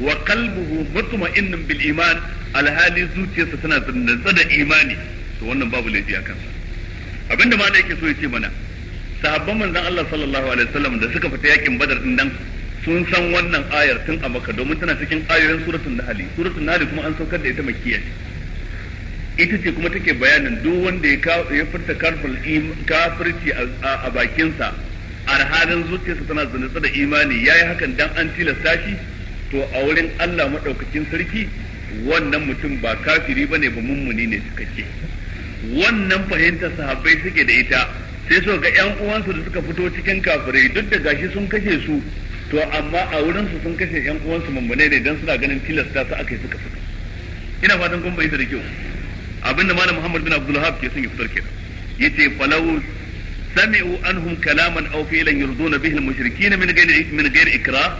wa qalbuhu mutma'innun bil iman alhali zuciyarsa tana tsantsa tsada imani to wannan babu laifi a kansa abinda ma da yake so ya ce mana sahabban manzon Allah sallallahu alaihi wasallam da suka fita yakin badar din nan sun san wannan ayar tun a maka domin tana cikin ayoyin suratul nahl suratul nahl kuma an saukar da ita makkiya ita ce kuma take bayanin duk wanda ya furta kafirci a bakinsa a zuciyarsa tana zunutsa da imani yayi hakan dan an tilasta shi to a wurin Allah madaukakin sarki wannan mutum ba kafiri bane ba mummuni ne suka ce wannan fahimtar sahabbai suke da ita sai su ga yan uwansu da suka fito cikin kafirai duk da gashi sun kashe su to amma a wurin su sun kashe yan uwansu mummune ne dan suna ganin tilasta su akai suka fito ina fatan kun bayyana da kyau abinda malam Muhammad bin Abdul Wahab ke son ya fitar kenan yace falau sami'u anhum kalaman aw fi'lan yurduna bihi al mushrikeena min ghairi min ghairi ikrah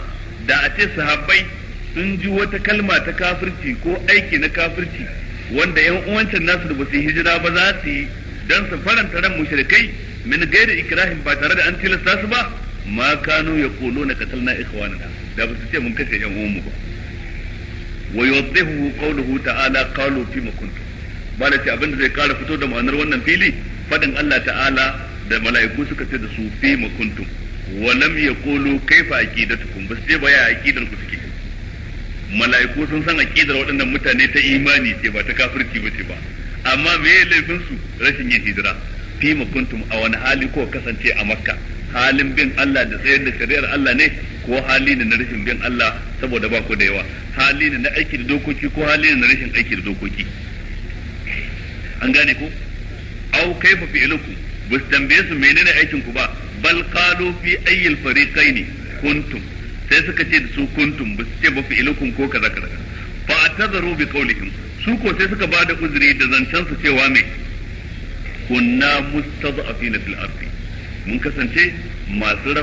da a ce sahabbai sun ji wata kalma ta kafirci ko aiki na kafirci wanda yan uwancin nasu da ba su hijira ba za su yi don su faranta ran mushrikai min gairi ikirahim ba tare da an tilasta su ba ma kanu na qatalna ikhwanana da ba su ce mun kashe yan uwanmu ba wa yuwaddihu qawluhu ta'ala qalu fi ma kuntum bala ce abinda zai kara fito da ma'anar wannan fili fadin Allah ta'ala da mala'iku suka ce da su fi ma wa lam yaqulu kaifa aqidatukum bas sai baya aqidar ku take mala'iku sun san aqidar waɗannan mutane ta imani ce ba ta kafirci ba ce ba amma me ya laifin su rashin yin hijira fi kuntum a wani hali ko kasance a makka halin bin Allah da tsayar da shari'ar Allah ne ko hali ne na rashin bin Allah saboda ba ku da yawa hali ne na aiki da dokoki ko hali ne na rashin aiki da dokoki an gane ko au kaifa fi'lukum bus tambaye su menene aikin ku ba bal qalu fi ayyil fariqaini kuntum sai suka ce da su kuntum ba su ce ba fi'ilukum ko kaza kaza fa atazaru bi qawlihim su ko sai suka bada uzuri da zancen su cewa me kunna mustad'afina fil ardi mun kasance masu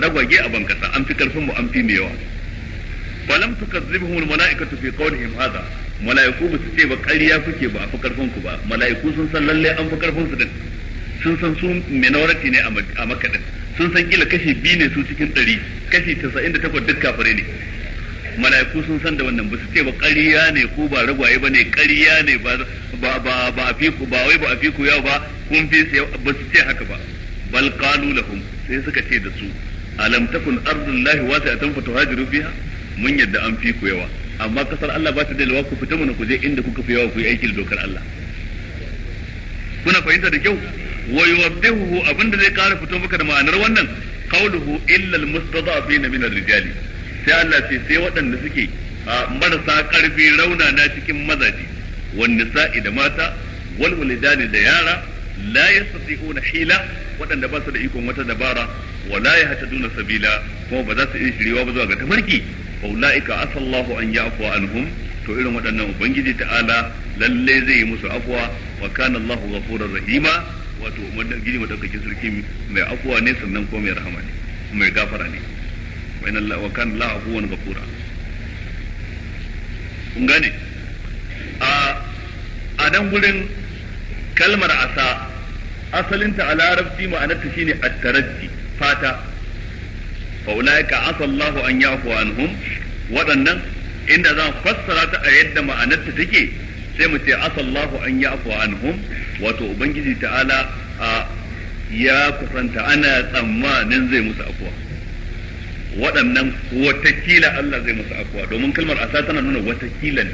ragwage a bankasa an fi karfin mu an fi mai yawa falam tukazzibuhum al malaikatu fi qawlihim hadha malaiku ba su ce ba ƙarya kuke ba a fi karfin ku ba malaiku sun san lalle an fi karfin su da sun san su minority ne a makadin sun san kila kashi biyu ne su cikin ɗari kashi tasa'in da takwas duk kafare ne mala'iku sun san da wannan ba su ce ba ƙarya ne ko ba ragwaye ba ne ƙarya ne ba ba ba a fiku ba wai ba a fiku yau ba kun fi ba su ce haka ba bal qalu lahum sai suka ce da su alam takun ardullahi wasi'atan fatuhajiru fiha mun yadda an fi ku yawa amma kasar Allah ba ta da lawa ku fita mana ku je inda kuka fi yawa ku yi aikin dokar Allah kuna fahimta da kyau wa yuwaddihu abinda zai kara fito maka da ma'anar wannan qawluhu illa almustada'afina min ar rijali sai Allah sai sai waɗanda suke marasa karfi rauna na cikin mazaji wan nisa'i da mata wal walidani da yara la yastati'una hila waɗanda ba su da ikon wata dabara wa la yahtaduna sabila kuma ba za su iya shirewa ba zuwa ga tafarki fa ulaika asallahu an ya'fu anhum to irin waɗannan ubangiji ta'ala lalle zai yi musu afwa wa kana Allahu ghafurur rahima wato madalgini madaukakin sarki mai afuwa ne sannan ko mai rahama ne mai gafara ne wa inna Allah wa kana la afuwan ghafura kun gane a a nan gurin kalmar asa asalinta a larabci ma'anarta shine at-tarajji fata fa ulaika asal Allah an yafu anhum waɗannan inda zan fassara ta a yadda ma'anarta take sai mu ce asallahu an yafu anhum wato ubangiji ta'ala a ya kusanta ana tsammanin zai musu afuwa waɗannan watakila Allah zai musu afuwa domin kalmar asa tana nuna watakila ne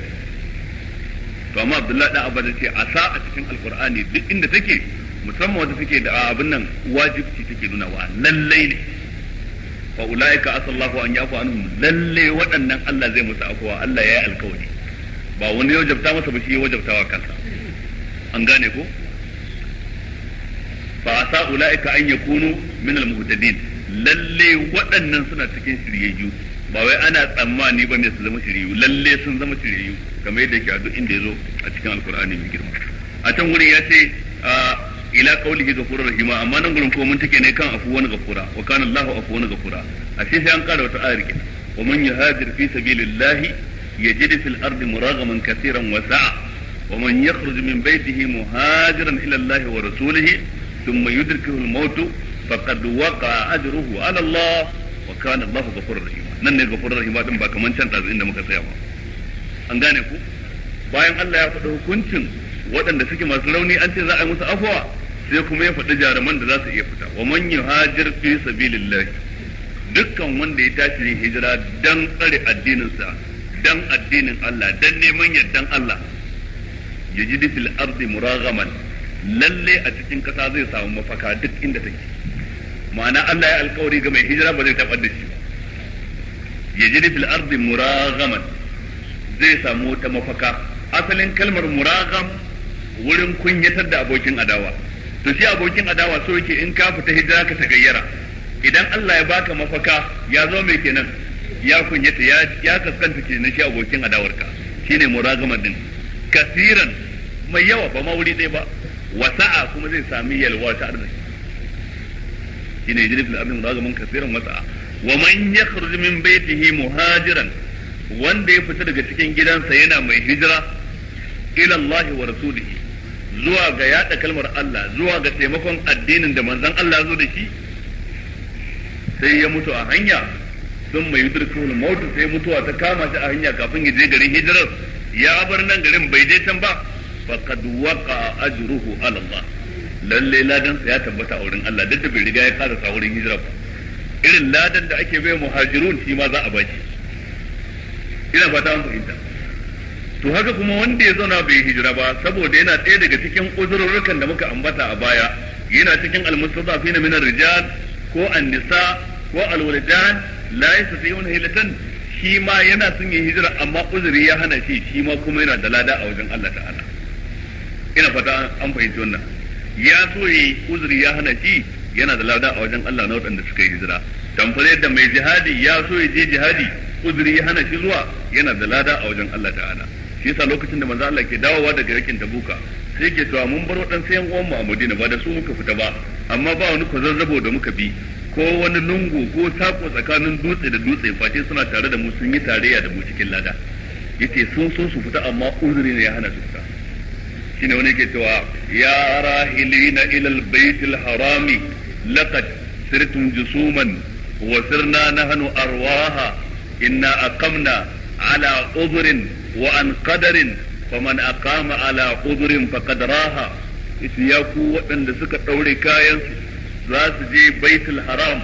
to amma Abdullahi da Abba ce asa a cikin alkur'ani duk inda take musamman wanda take da abin nan wajibci take nuna wa lallai ne fa ulaika asallahu an yafu anhum lalle waɗannan Allah zai musu afuwa Allah ya yi alkawari ba wani ya wajabta masa ba shi ya wajabta wa kansa an gane ko fa asa ulaika an kunu min almuhtadin lalle waɗannan suna cikin shiryayyu ba wai ana tsammani ba ne su zama shiryayyu lalle sun zama shiryayyu kamar yadda ke a duk inda zo a cikin alkur'ani mai girma a can wurin ya ce ila qaulihi ghafurur rahima amma nan gurin ko mun take ne kan afuwan ghafura wa kana Allahu afuwan ghafura ashe sai an kara wata ayar kenan wa man yuhajir fi sabilillahi yajid fil ardi muragaman kaseeran wa sa'a ومن يخرج من بيته مهاجرا إلى الله ورسوله ثم يدركه الموت فقد وقع أجره على الله وكان الله غفور رحيما nan ne gafurar rahima din ba kaman can ɗazu inda muka tsaya ba an gane ku bayan Allah ya faɗi hukuncin waɗanda suke masu rauni an ce za a yi musu afwa sai kuma ya faɗi jaruman da za su iya fita wa man yuhajir fi sabilillah dukkan wanda ya tashi yin hijira dan tsare addinin sa dan addinin Allah dan neman yardan Allah yajidu fil ardi muragaman lalle a cikin kasa zai samu mafaka duk inda take ma'ana Allah ya alkawari ga mai hijira ba zai tabar da shi ba yajidu fil ardi muragaman zai samu ta mafaka asalin kalmar muragam wurin kunyatar da abokin adawa to shi abokin adawa so yake in ka fita hijira ka ta gayyara idan Allah ya baka mafaka ya zo mai kenan ya kunyata ya kaskanta kenan shi abokin adawarka shine muragaman din kasiran mai yawa ba ma wuri ɗaya ba wasa'a kuma zai sami yalwa ta arziki shine yajri fil da muragaman kaseeran wasa'a wa man yakhruj min baytihi muhajiran wanda ya fita daga cikin gidansa yana mai hijira ila Allah wa rasulihi zuwa ga yada kalmar Allah zuwa ga taimakon addinin da manzon Allah zo da shi sai ya mutu a hanya sun mai yudrikul mautu sai mutuwa ta kama shi a hanya kafin ya je garin hijirar ya bar nan garin bai je can ba faqad waqa ajruhu ala Allah lalle ladan ya tabbata a wurin Allah duk da bai riga ya kada sa wurin hijira ba irin ladan da ake bai muhajirun shi ma za a bashi ina fata an fahimta to haka kuma wanda ya zauna bai hijira ba saboda yana ɗaya daga cikin uzurrukan da muka ambata a baya yana cikin almustadafina min rijal ko an-nisa ko al-wuldan la yastati'una hilatan shi ma yana son yin hijira amma uzuri ya hana shi shi ma kuma yana da lada a wajen Allah ta'ala ina fata an fahimci wannan ya so yi uzuri ya hana shi yana da lada a wajen Allah na waɗanda suka yi hijira tamfare da mai jihadi ya so ya je jihadi uzuri ya hana shi zuwa yana da lada a wajen Allah ta'ala shi yasa lokacin da manzo Allah ke dawowa daga yakin Tabuka sai ke cewa mun bar waɗansu yan uwan mu a Madina ba da su muka fita ba amma ba wani kwazazzabo da muka bi ko wani lungu ko sako tsakanin dutse da dutse face suna tare da mu sun yi tarayya da mu cikin lada yace sun so su fita amma uzuri ne ya hana su fita shine wani ke cewa ya rahilina ila albayt harami laqad sirtum jusuman wa sirna nahnu arwaha inna aqamna ala udhrin wa an qadarin faman aqama ala udhrin faqad raha ya ku waɗanda suka ɗaure kayan za su je baitul haram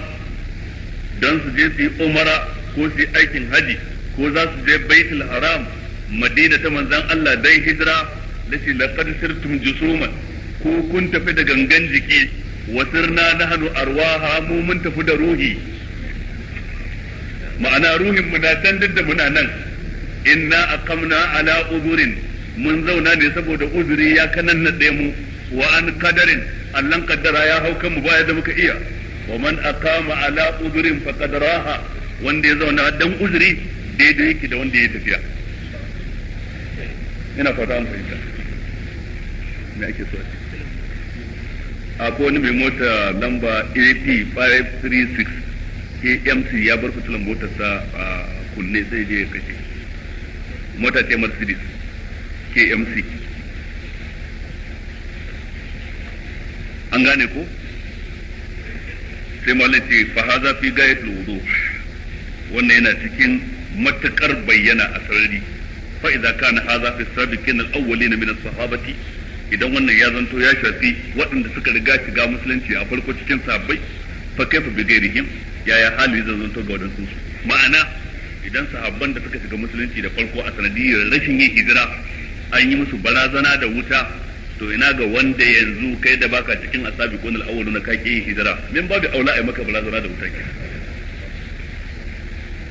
don su je su yi umara ko su yi aikin haji ko za su je baitul haram madina ta manzan Allah dai hijira nace laqad sirtum jusuman ko kun tafi da gangan jiki wa sirna nahnu arwaha mu mun tafi da ruhi ma'ana ruhin mu na can da muna nan inna aqamna ala udurin mun zauna ne saboda uzuri ya kanan na mu wa an qadarin allan qaddara ya hauka mu baya da muka iya wa man aqama ala udurin fa qadaraha wanda ya zauna dan uzuri daidai yake da wanda ya tafiya ina fata an fahimta me ake so a ko wani mai mota lamba AT536 AMC ya bar fitilan motarsa a kunne sai je ya kashe mota ce Mercedes KMC an gane ko sai mallan ce fa haza fi gayatul wudu wannan yana cikin matakar bayyana a sarari fa idza kana haza fi sabiqin al min as-sahabati idan wannan ya zanto ya shafi waɗanda suka riga shiga musulunci a farko cikin sahabbai fa kaifa bi ghairihim yaya hali zai zanto ga wadansu ma'ana idan sahabban da suka shiga musulunci da farko a sanadiyar rashin yin hijira an yi musu barazana da wuta to ina ga wanda yanzu kai da baka cikin asabi ko al na kake yin hijira min babu aula ai maka barazana da wuta ke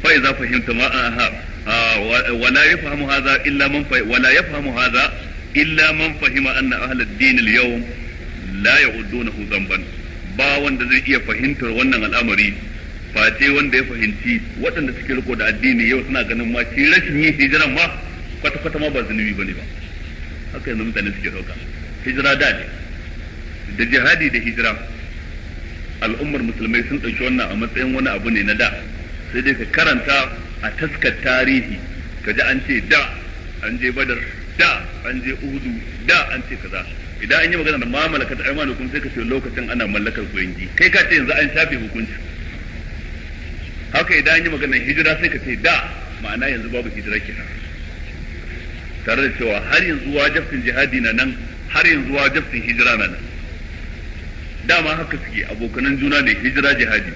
fa idza fahimta ma aha ah, wala yafhamu hadha illa man wala yafhamu hadha illa man fahima anna ahlad din laya yawm la ya'udunahu zamban ba wanda zai iya fahimtar wannan al'amari face wanda ya fahimci waɗanda suke riko da addini yau suna ganin ma shi rashin yin hijiran ma kwata kwata ma ba zunubi bane ba haka yanzu mutane suke dauka hijira da ne da jihadi da hijira al'ummar musulmai sun ɗauki wannan a matsayin wani abu ne na da sai dai ka karanta a taskar tarihi ka ji an ce da an je badar da an je uhudu da an ce kaza idan an yi magana da mamalakat aymanukum sai ka ce lokacin ana mallakar kuyangi kai ka ce yanzu an shafe hukunci haka idan an yi magana hijira sai ka ce da ma'ana yanzu babu hijira kenan tare da cewa har yanzu wajibin jihadi na nan har yanzu wajibin hijira na nan dama haka suke abokanan juna ne hijira jihadi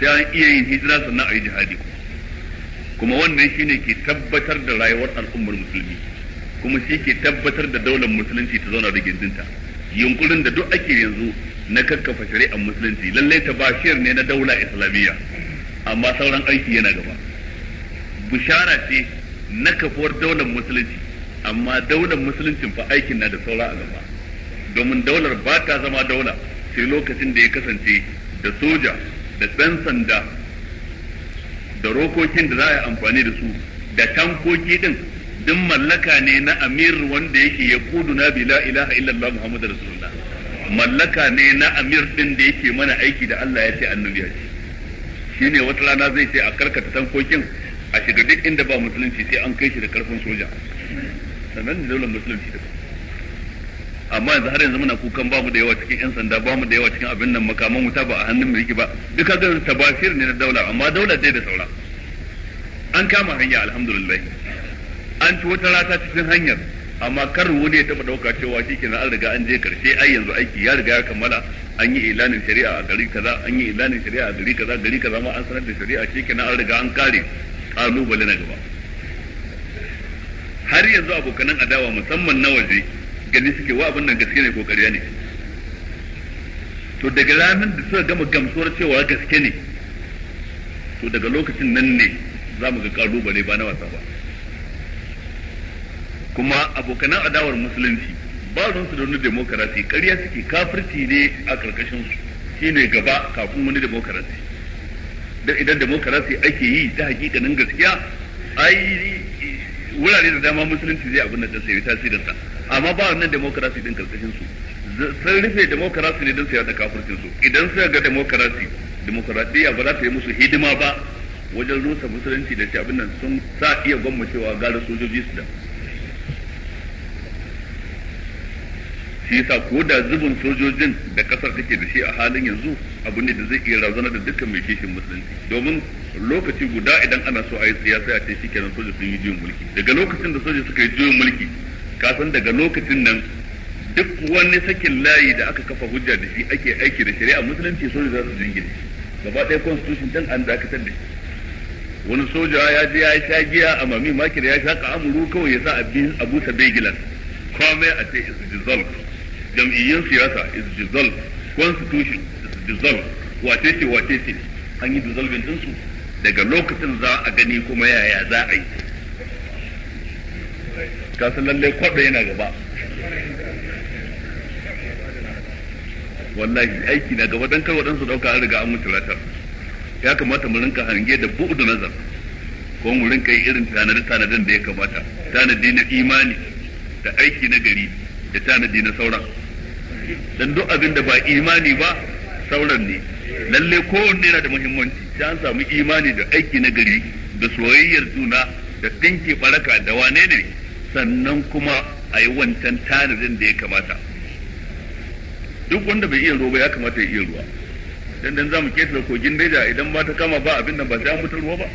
sai an iya yin hijira sannan a yi jihadi kuma wannan shine ke tabbatar da rayuwar al'ummar musulmi kuma shi ke tabbatar da daular musulunci ta zauna da gindinta yunkurin da duk ake yanzu na kakkafa shari'ar musulunci lallai ta bashir ne na daula islamiyya amma sauran aiki yana gaba bishara ce na kafuwar daular musulunci amma daular musuluncin fa aikin na da saura a gaba domin daular ba ta zama daula sai lokacin da ya kasance da soja da ɗan sanda da rokokin da za a yi amfani da su da tankoki din din mallaka ne na amir wanda yake ya kudu na bi la ilaha illallah muhammadu rasulullah mallaka ne na amir din da yake mana aiki da Allah ya ce annabi ya ce shine wata rana zai ce a karkata tankokin a shiga duk inda ba musulunci sai an kai shi da karfin soja sannan da daular musulunci da amma yanzu har yanzu muna kukan bamu da yawa cikin yan sanda bamu da yawa cikin abin nan makaman wuta ba a hannun mu yake ba duka ga tabashir ne na daula amma daula dai da saura an kama hanya alhamdulillah an ci wata rata cikin hanyar amma kar wani ya taba dauka cewa shikenan an riga an je karshe ai yanzu aiki ya riga ya kammala an yi ilanin shari'a a gari kaza an yi ilanin shari'a a gari kaza gari kaza ma an sanar da shari'a shikenan an riga an kare kalubale na gaba har yanzu abokanan adawa musamman na waje gani suke wa abin nan gaske ne ko ƙarya ne to daga ranar da suka gama gamsuwar cewa gaske ne to daga lokacin nan ne za mu ga ƙalubale ba na wasa ba kuma abokanan adawar musulunci ba su da wani demokarasi ƙarya suke kafirci ne a ƙarƙashin su shine gaba kafin wani demokarasi don idan demokarasi ake yi ta hakikanin gaskiya ai wurare da dama musulunci zai abin da ta sayi tasirin sa amma ba wannan demokarasi din ƙarƙashin su sun rufe demokarasi ne don su yada kafircin su idan suka ga demokarasi demokarasi ba za ta yi musu hidima ba wajen rusa musulunci da shi abin nan sun sa iya gwamma cewa gara sojoji su da shi yasa ko da zubin sojojin da kasar take da shi a halin yanzu abu ne da zai iya razana da dukkan mai kishin musulunci domin lokaci guda idan ana so a yi siyasa a ce kenan soja sun yi juyin mulki daga lokacin da soja suka yi juyin mulki kasan daga lokacin nan duk wani sakin layi da aka kafa hujja da shi ake aiki da shari'a musulunci soja za su jingine gaba ɗaya constitution din an dakatar da shi wani soja ya je ya sha giya a mami makir ya sha ka amuru kawai ya sa a ta bigilan komai a ce is dissolved jam'iyyun siyasa is dissolved constitution is dissolved wace ce wace ce an yi dissolving din su daga lokacin za a gani kuma yaya za a yi ka san lalle kwaɗa yana gaba wallahi aiki na gaba dan kar waɗansu ɗauka an riga an mutu ratar ya kamata mu rinka hange da bu'u da nazar ko mu rinka yi irin tanadin tanadin da ya kamata tanadi na imani da aiki na gari da tanadi na sauran dan duk abin da ba imani ba sauran ne lalle kowanne yana da muhimmanci sai an samu imani da aiki na gari da soyayyar juna da dinki baraka da wane ne sannan kuma a yi wancan tanadin da ya kamata duk wanda bai iya ruwa ba ya kamata ya iya ruwa dan dan zamu keta kogin daja idan ba ta kama ba abin nan ba sai an mutu ruwa ba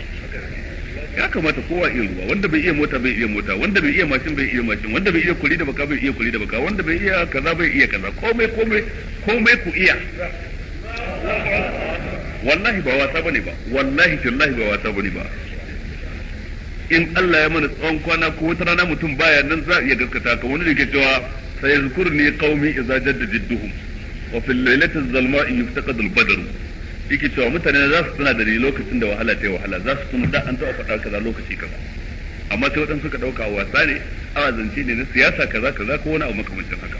ya kamata kowa iya ruwa wanda bai iya mota bai iya mota wanda bai iya mashin bai iya mashin wanda bai iya kuri da baka bai iya kuri da baka wanda bai iya kaza bai iya kaza komai komai komai ku iya wallahi ba wasa bane ba wallahi tallahi ba wasa bane ba in Allah ya mana tsawon kwana ko wata rana mutum baya nan za a iya gaskata ka wani da ke cewa sayazkurni qaumi idza jadda jidduhum wa fil lailati zalma'i yuftaqad al-badr yake cewa mutane za su tuna da ni lokacin da wahala ta yi wahala za su tuna da an taɓa faɗa kaza lokaci kaza amma sai waɗansu suka ɗauka wasa ne a zance ne na siyasa kaza kaza ko wani abu makamancin haka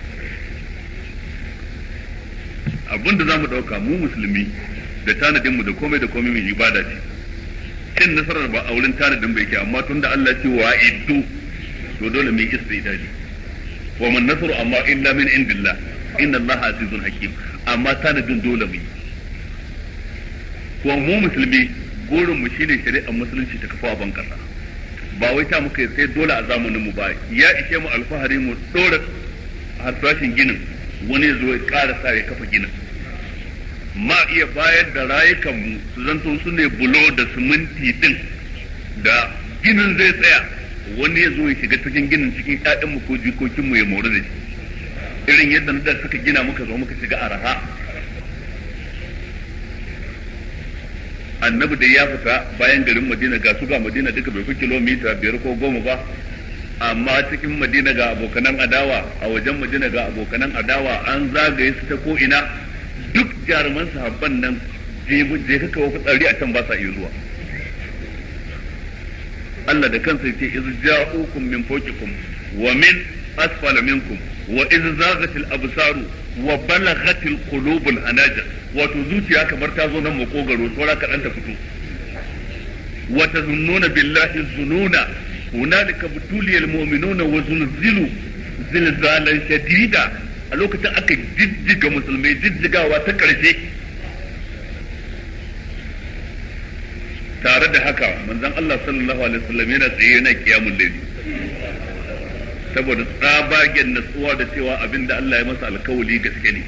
abin da za mu ɗauka mu musulmi da tanadinmu da komai da komai mai ibada ce cin nasarar ba a wurin tanadin bai ke amma tun da Allah ce wa iddu to dole mu yi istidadi wa man nasaru amma illa min indillah inna Allah azizun hakim amma tanadin dole mu yi kuma mu musulmi gurin mu shine shari'ar musulunci ta kafa ban kasa ba wai ta muka sai dole a zamanin mu ba ya ishe mu alfahari mu dora hasashin ginin wani zo ya ƙara sa ya kafa ginin ma iya bayar da rayukan mu su zanto su ne bulo da siminti din da ginin zai tsaya wani ya zo ya shiga cikin ginin cikin mu ko jikokin mu ya mori da shi irin yadda na da suka gina muka zo muka shiga araha annabi da ya fita bayan garin madina ga su ga madina duka bai fi kilomita biyar ko goma ba amma cikin madina ga abokanan adawa a wajen madina ga abokanan adawa an zagaye su ta ko ina duk jaruman sahabban nan je ka kawo fitsari a can ba sa iya zuwa Allah da kansa yake izu ja'ukum min fawqikum wa min asfala wa iz absaru wa balaghatil qulubul hanajir wato zuciya kamar ta nan makogaro saura fito wa tazunnuna billahi zununa shadida a ta tare da haka manzon Allah sallallahu alaihi wasallam yana tsaye yana kiyamul layli saboda tsabagen natsuwa da cewa abin da Allah ya masa alkawali gaske ne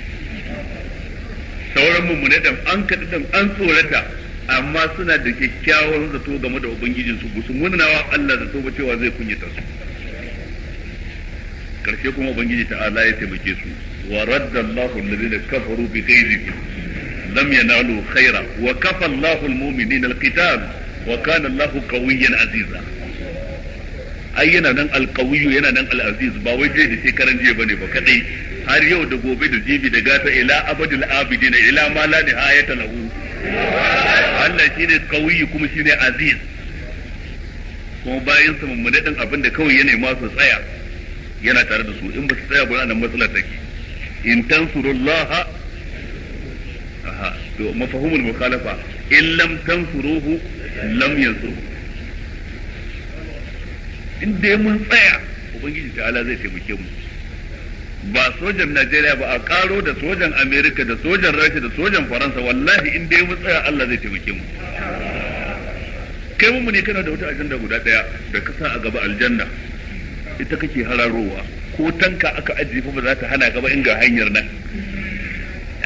sauran mummune dan an kaɗi dan an tsorata amma suna da kyakkyawan zato game da ubangijinsu ba su munawa Allah zato ba cewa zai kunyata su karshe kuma ubangiji ta'ala ya taimake su wa radda Allahu alladhina kafaru bi ghayrihim lam yanalu khaira wa kafa Allahu almu'minina alqital wa kana Allahu qawiyyan aziza ai yana nan alqawiyyu yana nan al'aziz ba wai jiya da shekaran jiya bane ba kadai har yau da gobe da jibi da gata ila abadul abidina ila ma la nihayata lahu Allah shine qawiyyu kuma shine aziz kuma bayan sa mun din abin da kawai yana ma su tsaya yana tare da su in ba su tsaya ba nan matsalar take in tansurullah aha to mafahumul mukhalafa in lam tansuruhu lam yansuruhu Inda ya mun tsaya ubangiji ta'ala zai taimake mu ba sojan Najeriya ba a karo da sojan Amerika da sojan Rasha da sojan Faransa wallahi inda ya mun tsaya Allah zai taimake mu kai mu ne kana da wata ajanda guda daya da ka sa a gaba aljanna ita kake hararowa ko tanka aka ajiye fa ba za ta hana gaba in ga hanyar nan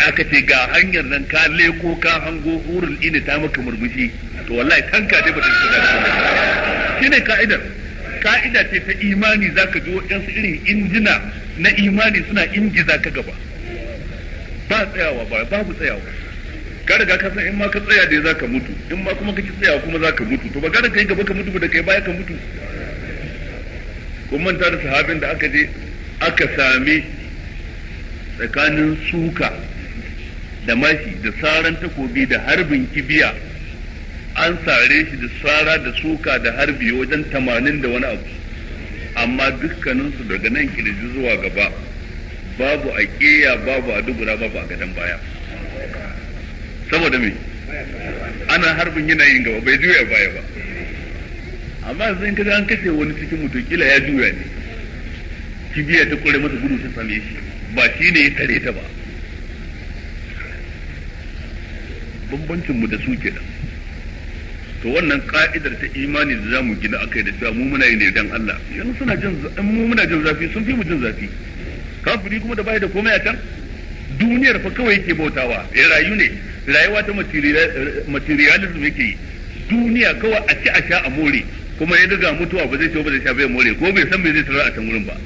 aka ce ga hanyar nan ka leko ka hango hurul ina ta maka murmushi to wallahi tanka dai ba ta shiga ne ka'idar ka'ida ce ta imani zaka ji waɗansu irin injina na imani suna ingiza ka gaba ba tsayawa ba babu tsayawa ka riga ka san in ma ka tsaya dai ka mutu in ma kuma ka ki tsayawa kuma za ka mutu to ba ka yi gaba ka mutu ba da kai baya ka mutu kun manta da sahabin da aka je aka same tsakanin suka da mashi da saran takobi da harbin kibiya an sare shi da sara da suka da harbi wajen tamanin da wani abu amma dukkaninsu daga nan kirji zuwa gaba babu a ƙeya babu a dubura babu a gadon baya saboda me ana harbin yana yin gaba bai juya baya ba amma sai kaga an kashe wani cikin mutum kila ya juya ne kibiya ta kore masa gudu ta same shi ba shi ne ya tare ta ba bambancin mu da su kenan to wannan ka'idar ta imani da zamu gina akai da cewa mu muna yin ne dan Allah yanzu suna jin mu muna jin zafi sun fi mu jin zafi kafiri kuma da bai da komai a can duniyar fa kawai yake bautawa ya rayu ne rayuwa ta materialism yake yi duniya kawai a ci a sha a more kuma ya daga mutuwa ba zai ci ba zai sha bai more ko bai san me zai tarar a can wurin ba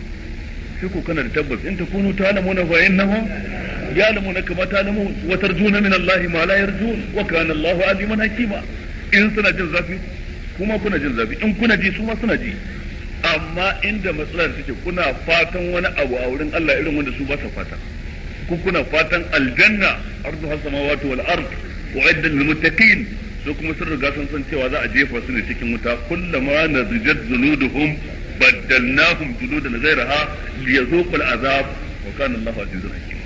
sai ko kana da tabbas in takunu ta'lamuna fa innahum ya'lamuna kama ta'lamun wa tarjuna min Allah ma la yarjun wa kana Allah aliman hakima in suna jin zafi kuma kuna jin zafi in kuna ji su ma suna ji amma inda matsalar take kuna fatan wani abu a wurin Allah irin wanda su ba sa fata ku kuna fatan aljanna ardu hasamawati wal ard uidda lil muttaqin kuma sun riga sun san cewa za a jefa su ne cikin wuta kullama nazijat zunuduhum baddalnahum juludan ghayraha liyazuqul azab wa kana Allahu azizun hakim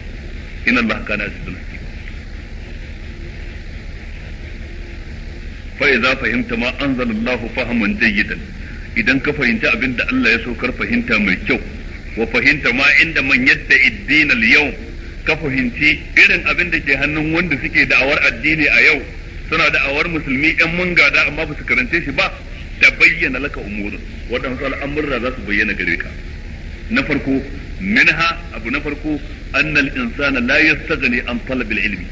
inna kana azizun hakim fa idza fahimta ma anzalallahu fahman jayyidan idan ka fahimci abin da Allah ya kar fahimta mai kyau wa fahimta ma inda man yadda iddin al yau ka fahimci irin abin da ke hannun wanda suke da'awar addini a yau suna da'awar musulmi yan mun gada amma ba su karance shi ba da bayyana laka umurin waɗansu al'amurra za su bayyana gare ka na farko minha abu na farko annal insana la yastaghni an talabil ilmi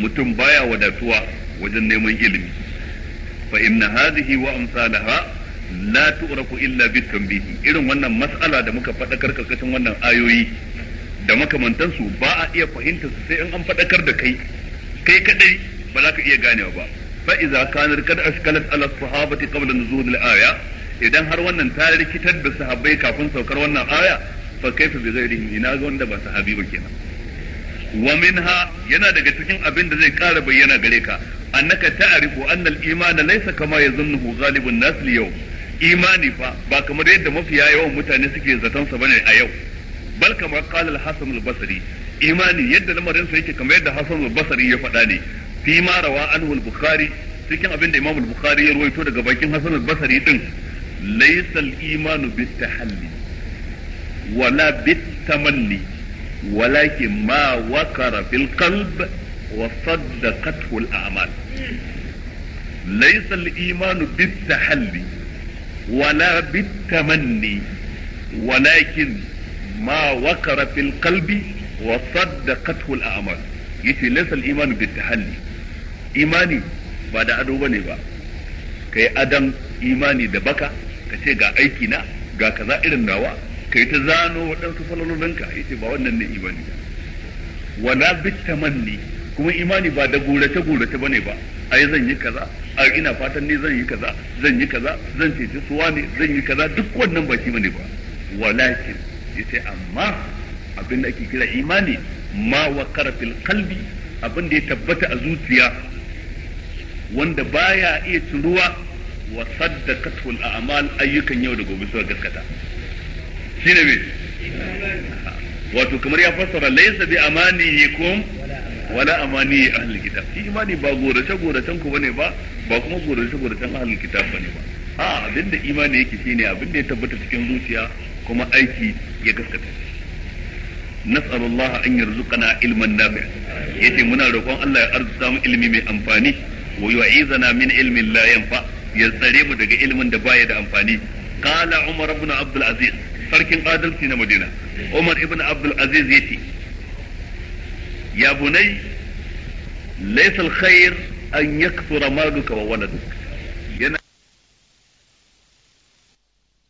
mutum baya wadatuwa wajen neman ilimi fa inna hadhihi wa amsalaha la tu'raku illa bitanbihi irin wannan mas'ala da muka faɗakar karkashin wannan ayoyi da makamantansu ba a iya fahimta su sai in an faɗakar da kai kai kadai ba za ka iya ganewa ba fa iza kanar kad ashkalat ala sahabati qabla nuzul al aya idan har wannan ta rikitar da sahabbai kafin saukar wannan aya fa kaifa bi ghairihi ina ga wanda ba sahabi ba kenan wa minha yana daga cikin abin da zai ƙara bayyana gare ka annaka ta'rifu anna al-iman laysa kama yazunnuhu galibin nas al-yawm imani fa ba kamar yadda mafiya yawan mutane suke zaton sa ne a yau bal kamar qala al-hasan imani yadda lamarin sa yake kamar yadda hasan al ya faɗa ne fi ma rawa anhu al-bukhari cikin abinda da imam bukhari ya ruwaito daga bakin hasan al-basri din laysa al-imanu bitahalli wala bitamanni walakin ma wakara fil wa saddaqathu al-a'mal laysa al-iman bit-tahalli wala bit-tamanni walakin ma wakara fil qalbi wa saddaqathu al-a'mal yace laysa al-iman bit imani ba da ado ne ba kai adam imani da baka kace ga aiki na ga kaza irin nawa kai ta zano waɗansu falalolinka yace ba wannan ne imani ba wala bitamanni kuma imani ba da gurace gurace bane ba ai zan yi kaza a ina fatan ne zan yi kaza zan yi kaza zan ceci suwa ne zan yi kaza duk wannan ba shi bane ba walakin yace amma abin da ake kira imani ma waqara fil qalbi abin da ya tabbata a zuciya wanda baya iya turuwa wa al a'mal ayyukan yau da gobe suka gaskata shine me wato kamar ya fassara laysa bi yakum wala amani ahlul kitab shi imani ba gorace goracen ku bane ba ba kuma gorace goracen ahlul kitab bane ba a abinda imani yake shine abinda ya tabbata cikin zuciya kuma aiki ya gaskata nas'al Allah an yarzuqana ilman nafi' yace muna roƙon Allah ya arzuta mu ilimi mai amfani wa yu'izana min ilmin la yanfa ya tsare mu daga ilimin da baya da amfani qala umar ibn abdul aziz sarkin adalci na madina umar ibn abdul aziz ya bunai laisal khair an yakthura maluka wa waladuk yana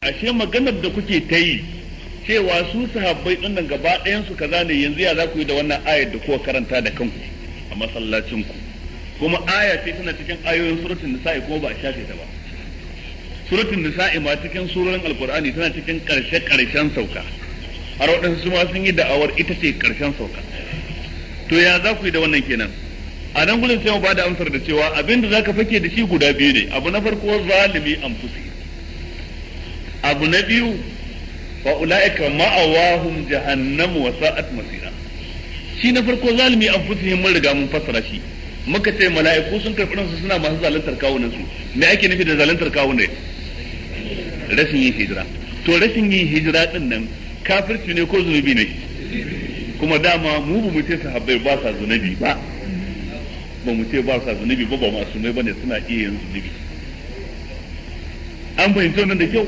ashe maganar da kuke ta yi cewa su sahabbai din nan gaba ɗayan su kaza ne yanzu ya za ku yi da wannan ayar da kuka karanta da kanku a masallacin ku kuma aya ce tana cikin ayoyin suratul nisa'i kuma ba a shafe ta ba suratul nisa'i ma cikin surorin alqur'ani tana cikin karshe karshen sauka har waɗansu ma sun yi da'awar ita ce karshen sauka to ya za ku yi da wannan kenan a nan gudun sai mu ba da amsar da cewa abinda za ka fake da shi guda biyu ne abu na farko zalimi an fusi abu na biyu fa ula'ika ma'awahum jahannam wa sa'at masira shi na farko zalimi an fusi mun riga mun fassara shi muka ce mala'iku sun karɓi ransu suna masu zalantar kawunan su me ake nufi da zalantar kawunan rashin yin hijira to rashin yin hijira din nan kafirci ne ko zunubi ne kuma dama mu ba mu ce sahabbai ba sa zunubi ba ba mu ce ba sa zunubi ba ba masu mai bane suna iya yin zunubi an bayyana wannan da kyau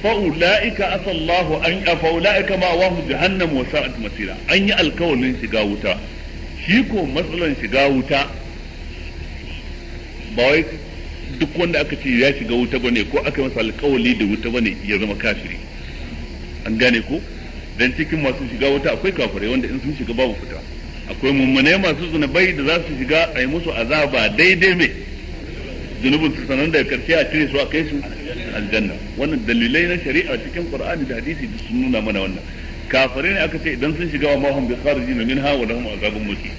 fa ulaika asallahu an fa ulaika ma wahu jahannam wa sa'at masira an yi alkawalin shiga wuta shi ko matsalan shiga wuta ba wai duk wanda aka ce ya shiga wuta bane ko aka yi masa alkawali da wuta bane ya zama kafiri an gane ko dan cikin masu shiga wuta akwai kafirai wanda in sun shiga babu fita akwai mummune masu zunubai da za su shiga a yi musu azaba daidai mai zunubin su sanan da karshe a cire su a kai su aljanna wannan dalilai na shari'a cikin qur'ani da hadisi duk sun nuna mana wannan kafirai ne aka ce idan sun shiga wa mahum bi kharijin minha wa lahum azabun muqim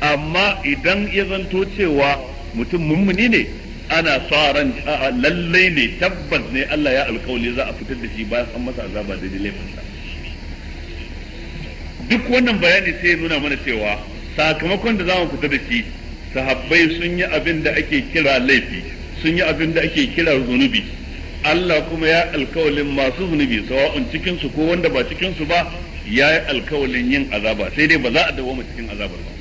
amma idan ya zanto cewa mutum mummuni ne ana sa ran lallai ne tabbas ne Allah ya alkawali za a fitar da shi bayan an masa azaba daidai laifinsa duk wannan bayani sai ya nuna mana cewa sakamakon da zamu fita da shi sahabbai sun yi abin da ake kira laifi sun yi abin da ake kira zunubi Allah kuma ya alkawalin masu zunubi sawa'un cikin su ko wanda ba cikin su ba ya yi alkawalin yin azaba sai dai ba za a dawoma cikin azabar ba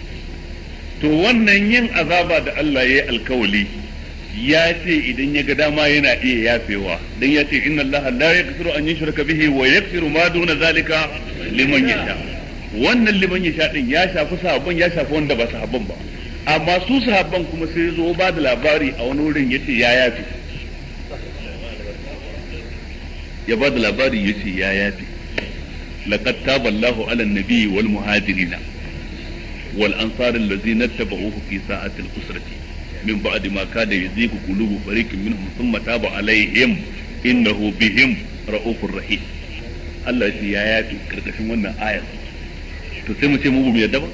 to wannan yin azaba da Allah ya yi alkawali ya ce idan ya ga dama yana iya yafewa dan ya ce inna Allah la yaghfiru an yushraka bihi wa yaghfiru ma duna zalika liman yasha wannan liman ya sha ya shafi sahabban ya shafi wanda ba sahabban ba amma su sahabban kuma sai zo ba da labari a wani wurin ya ce ya yafi ya ba da labari ya ce ya yafi laqad taba ala nabi wal muhajirina wal ansar allazina tabauhu fi sa'ati al usrati min ba'di ma kada yuziku qulubu fariqin minhum thumma taba alaihim innahu bihim ra'ufur rahim Allah ya yafi karkashin wannan ayar to sai mu ce mu yadda ba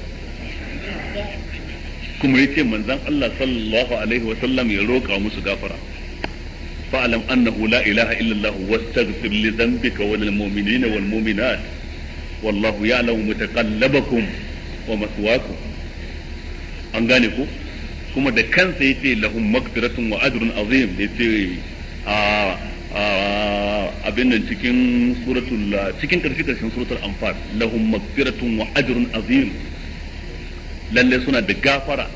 kuma ya ce manzan Allah sallallahu alaihi wa sallam ya roƙa musu gafara fa'alam annahu la ilaha illallah wastaghfir li dhanbika mu'minina wal mu'minat wallahu ya'lamu mutaqallabakum wa maswaakum an gane ko kuma da kansa yace lahum maghfiratun wa ajrun azim yace a ah, ah, abin nan cikin suratul cikin karfi karshen suratul anfal lahum magfiratun wa ajrun azim lalle suna da gafara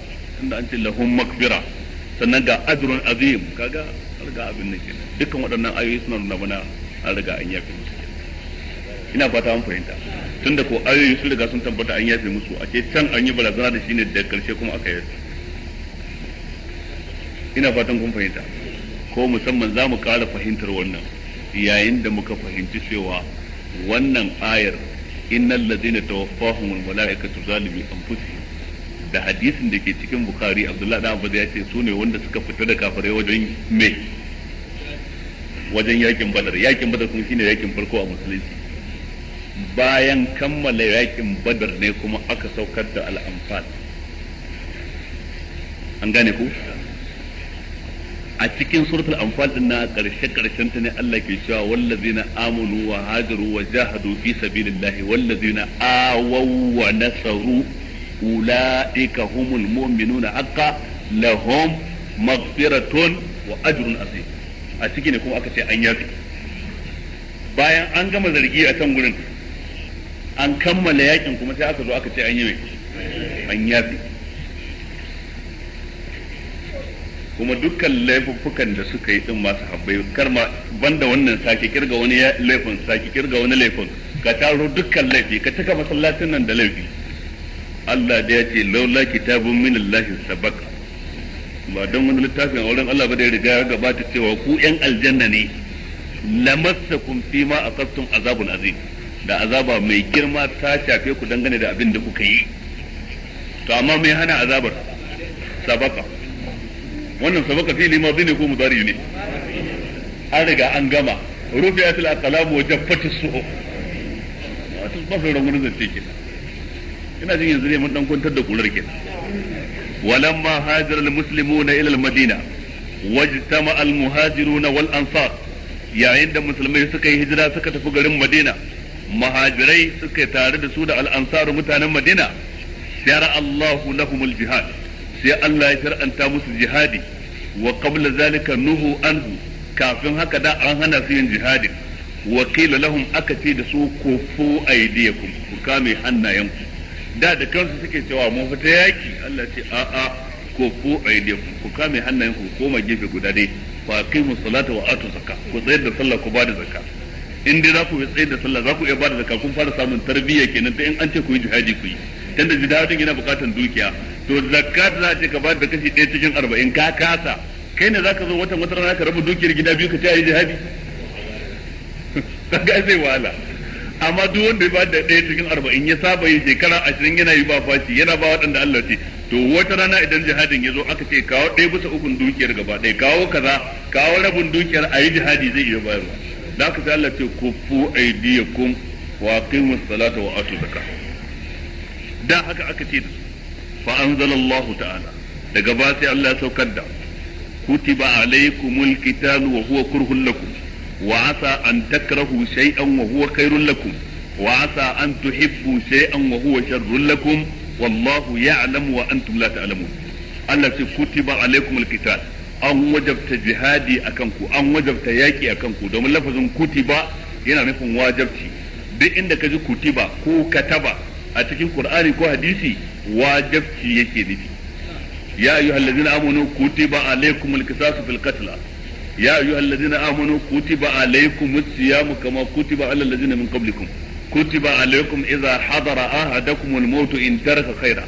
tunda an ce lahum magfira sannan ga ajrun azim kaga alga abin nan kenan dukkan waɗannan ayoyi suna nuna mana an riga an yafe musu ina fata an fahimta tunda ko ayoyi sun riga sun tabbata an yafe musu a ce can an yi barazana da shine da karshe kuma aka yi ina fatan kun fahimta ko musamman za mu ƙara fahimtar wannan yayin da muka fahimci cewa wannan ayar innal tawaffahum tawaffahumul malaikatu zalimi anfusihim da hadisin da ke cikin bukhari abdullahi dan abu ya ce su ne wanda suka fita da kafirai wajen me wajen yakin badar yakin badar kuma shine yakin farko a musulunci bayan kammala yakin badar ne kuma aka saukar da al'amfal an gane ku a cikin suratul anfal din na karshe karshen ta ne Allah ke cewa wallazina amanu wa hajaru wa jahadu fi sabilillahi wallazina awaw wa nasaru ulaika humul mu'minuna haqqan lahum maghfiratun wa ajrun azim a ciki ne kuma aka ce an yafi bayan an gama zargi a can gurin an kammala yakin kuma sai aka zo aka ce an yi mai an yafi kuma dukkan laifukan da suka yi din masu habbai ma banda wannan sake kirga wani laifin sake kirga wani laifin ka taro dukkan laifi ka cika masallacin nan da laifi Allah da ya ce laula kitabun min Allah sabaq ba dan wani littafin a wurin Allah ba da riga ya gabata cewa ku yan aljanna ne lamassakum fi ma aqattum azabun azim da azaba mai girma ta shafe ku dangane da abin da kuka yi to amma mai hana azabar sabaka wannan sabaka fi lima ne ko mudari ne an riga an gama rufi'at al-aqlam wa jaffat as-suhuf wato mafarin wani zance kenan ina jin yanzu ne mun dan kwantar da kular kenan walamma hajara al-muslimuna ila al-madina wajtama al-muhajiruna wal ansar yayin da musulmai suka yi hijira suka tafi garin madina mahajirai suka yi tare da su da al-ansar mutanen madina shara Allahu lahumul jihad sai Allah ya shar'anta musu jihadi wa qabla zalika nuhu anhu kafin haka da an hana su yin jihadin wa qila lahum aka ce da su kufu aydiyakum ku kame hannayenku da da kansu suke cewa mu fita yaki Allah ce a a kufu aydiyakum ku kame hannayenku ku koma gefe guda dai fa aqimu salata wa atu zakka ku tsayar da sallah ku bada zakka in dai za ku tsayar da sallah za ku iya bada zakka kun fara samun tarbiyya kenan ta in an ce ku yi jihadi ku yi dan da jihadin yana bukatan dukiya to zakat za ce ka bayar da kashi ɗaya cikin arba'in ka kasa kai ne zaka zo watan wata rana ka rabu dukiyar gida biyu ka ce ayi jihadi kaga zai wahala amma duk wanda ya ba da ɗaya cikin arba'in ya saba yi shekara ashirin yana yi ba fashi yana ba waɗanda Allah ce to wata rana idan jihadin ya zo aka ce kawo ɗaya bisa ukun dukiyar gaba ɗaya kawo kaza kawo rabin dukiyar a yi jihadi zai iya bayarwa da aka ce Allah ce kufu aidiyakum wa aqimus salata wa atu zakat da haka aka ce da su fa anzalallahu ta'ala daga ba sai Allah ya saukar da kutiba alaykumul qitalu wa huwa kurhun lakum wa asa an takrahu shay'an wa huwa khairul lakum wa asa an tuhibbu shay'an wa huwa sharrul lakum wallahu ya'lamu wa antum la ta'lamun Allah ce kutiba alaykumul qital an wajabta jihadi akan ku an wajabta yaki akan ku domin lafazin kutiba yana nufin wajabci duk inda ka ji kutiba ko kataba a cikin qur'ani ko hadisi wajibci yake nufi ya amanu kutiba alaykumul qisasu fil qatl ya ayyuhal ladzina amanu kutiba alaykumus siyam kama kutiba alal ladzina min qablikum kutiba alaykum hadara ahadakumul maut in taraka khaira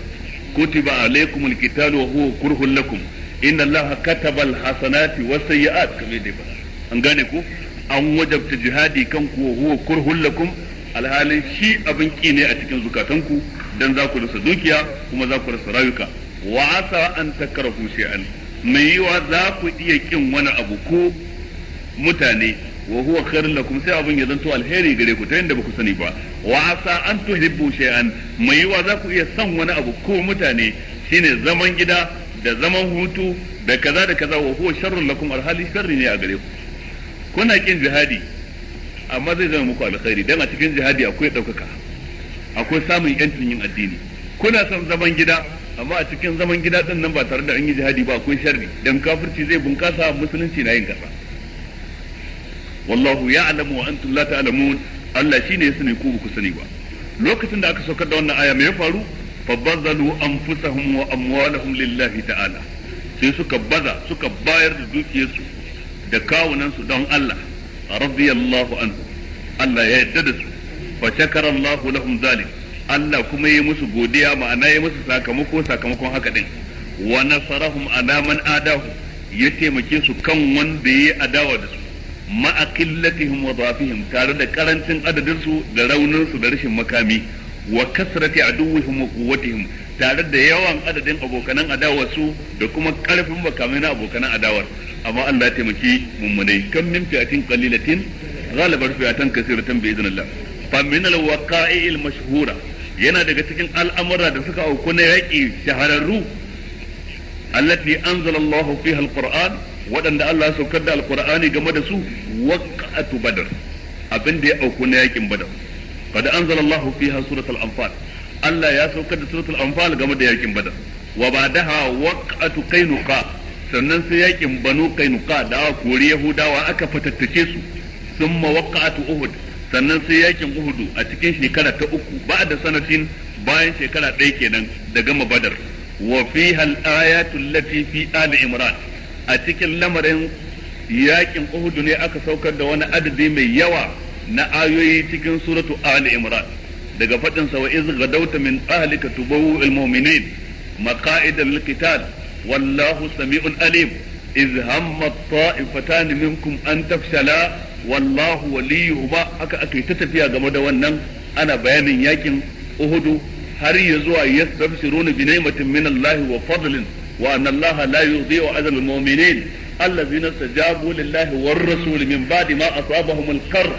kutiba alaykumul wa huwa kurhun lakum inna allaha kataba alhasanati ba an gane ku an wajabta jihadi kan ku huwa kurhun lakum alhalin shi abin ki ne a cikin zukatanku dan za ku rasa dukiya kuma za ku rasa rayuka wa asa an takarahu shay'an mai yiwa za ku iya kin wani abu ko mutane wa huwa khairun lakum sai abin ya zanto alheri gare ku ta yadda ba ku sani ba wa asa an tuhibbu shay'an mai yiwa za ku iya son wani abu ko mutane shine zaman gida da zaman hutu da kaza da kaza wa huwa sharrun lakum alhali sharri ne a gare ku kuna kin jihadi amma zai zama muku alkhairi dan a cikin jihadi akwai daukaka akwai samun yancin yin addini kuna son zaman gida amma a cikin zaman gida din nan ba tare da an yi jihadi ba akwai sharri dan kafirci zai bunkasa musulunci na yin kasa wallahu ya'lamu wa antum la ta'lamun Allah shine ya sani ku ku sani ba lokacin da aka saukar da wannan aya me ya faru fabazzalu anfusahum wa amwalahum lillahi ta'ala sai suka baza suka bayar da dukiyarsu da kawunansu don Allah radiyallahu anhu Allah ya yarda da su fa shakara Allah lahum zalik Allah kuma yi musu godiya ma'ana yi musu sakamako sakamakon haka din wa nasarahum alaman adahu ya taimaki su kan wanda yayi adawa da su ma'a qillatihim wa tare da karancin adadin su da raunin su da rashin makami wa kasrati aduwwihim wa quwwatihim tare da yawan adadin abokanan adawar su da kuma karfin makamai na abokanan adawar amma Allah ya taimaki mummunai kan min fi'atin qalilatin ghalabar fi'atan kasiratan bi idnillah fa min al-waqa'i al-mashhura yana daga cikin al'amura da suka auku na yaƙi shahararru allati anzala Allahu fiha al-Qur'an waɗanda Allah saukar da al-Qur'ani game da su waqa'atu badr abin da ya auku na yaƙin badar qad anzalallahu fiha suratul anfal Allah ya saukar da suratul anfal game da yakin badar wa ba'daha waqatu qainuqa sannan sai yakin banu qainuqa da aka kori yahudawa aka fatattace su ma waqatu uhud sannan sai yakin uhudu a cikin shekara ta uku ba'da sanatin bayan shekara ɗaya kenan da gama badar wa fiha al-ayatu fi ali imran a cikin lamarin yakin uhudu ne aka saukar da wani adadi mai yawa na ayoyi cikin suratu ali imran daga fadin sa wa iz gadawta min ahlika tubawu al mu'minin maqa'ida lil qital wallahu sami'un alim iz hamma ta'ifatan minkum an tafshala wallahu waliyuhuma haka aka ta tafiya game da wannan ana bayanin yakin uhudu har ya zuwa yastabshiruna bi ni'matin min Allah wa fadlin wa anna Allah la yudhi'u ajra al mu'minin الذين استجابوا لله والرسول من بعد ما أصابهم القرح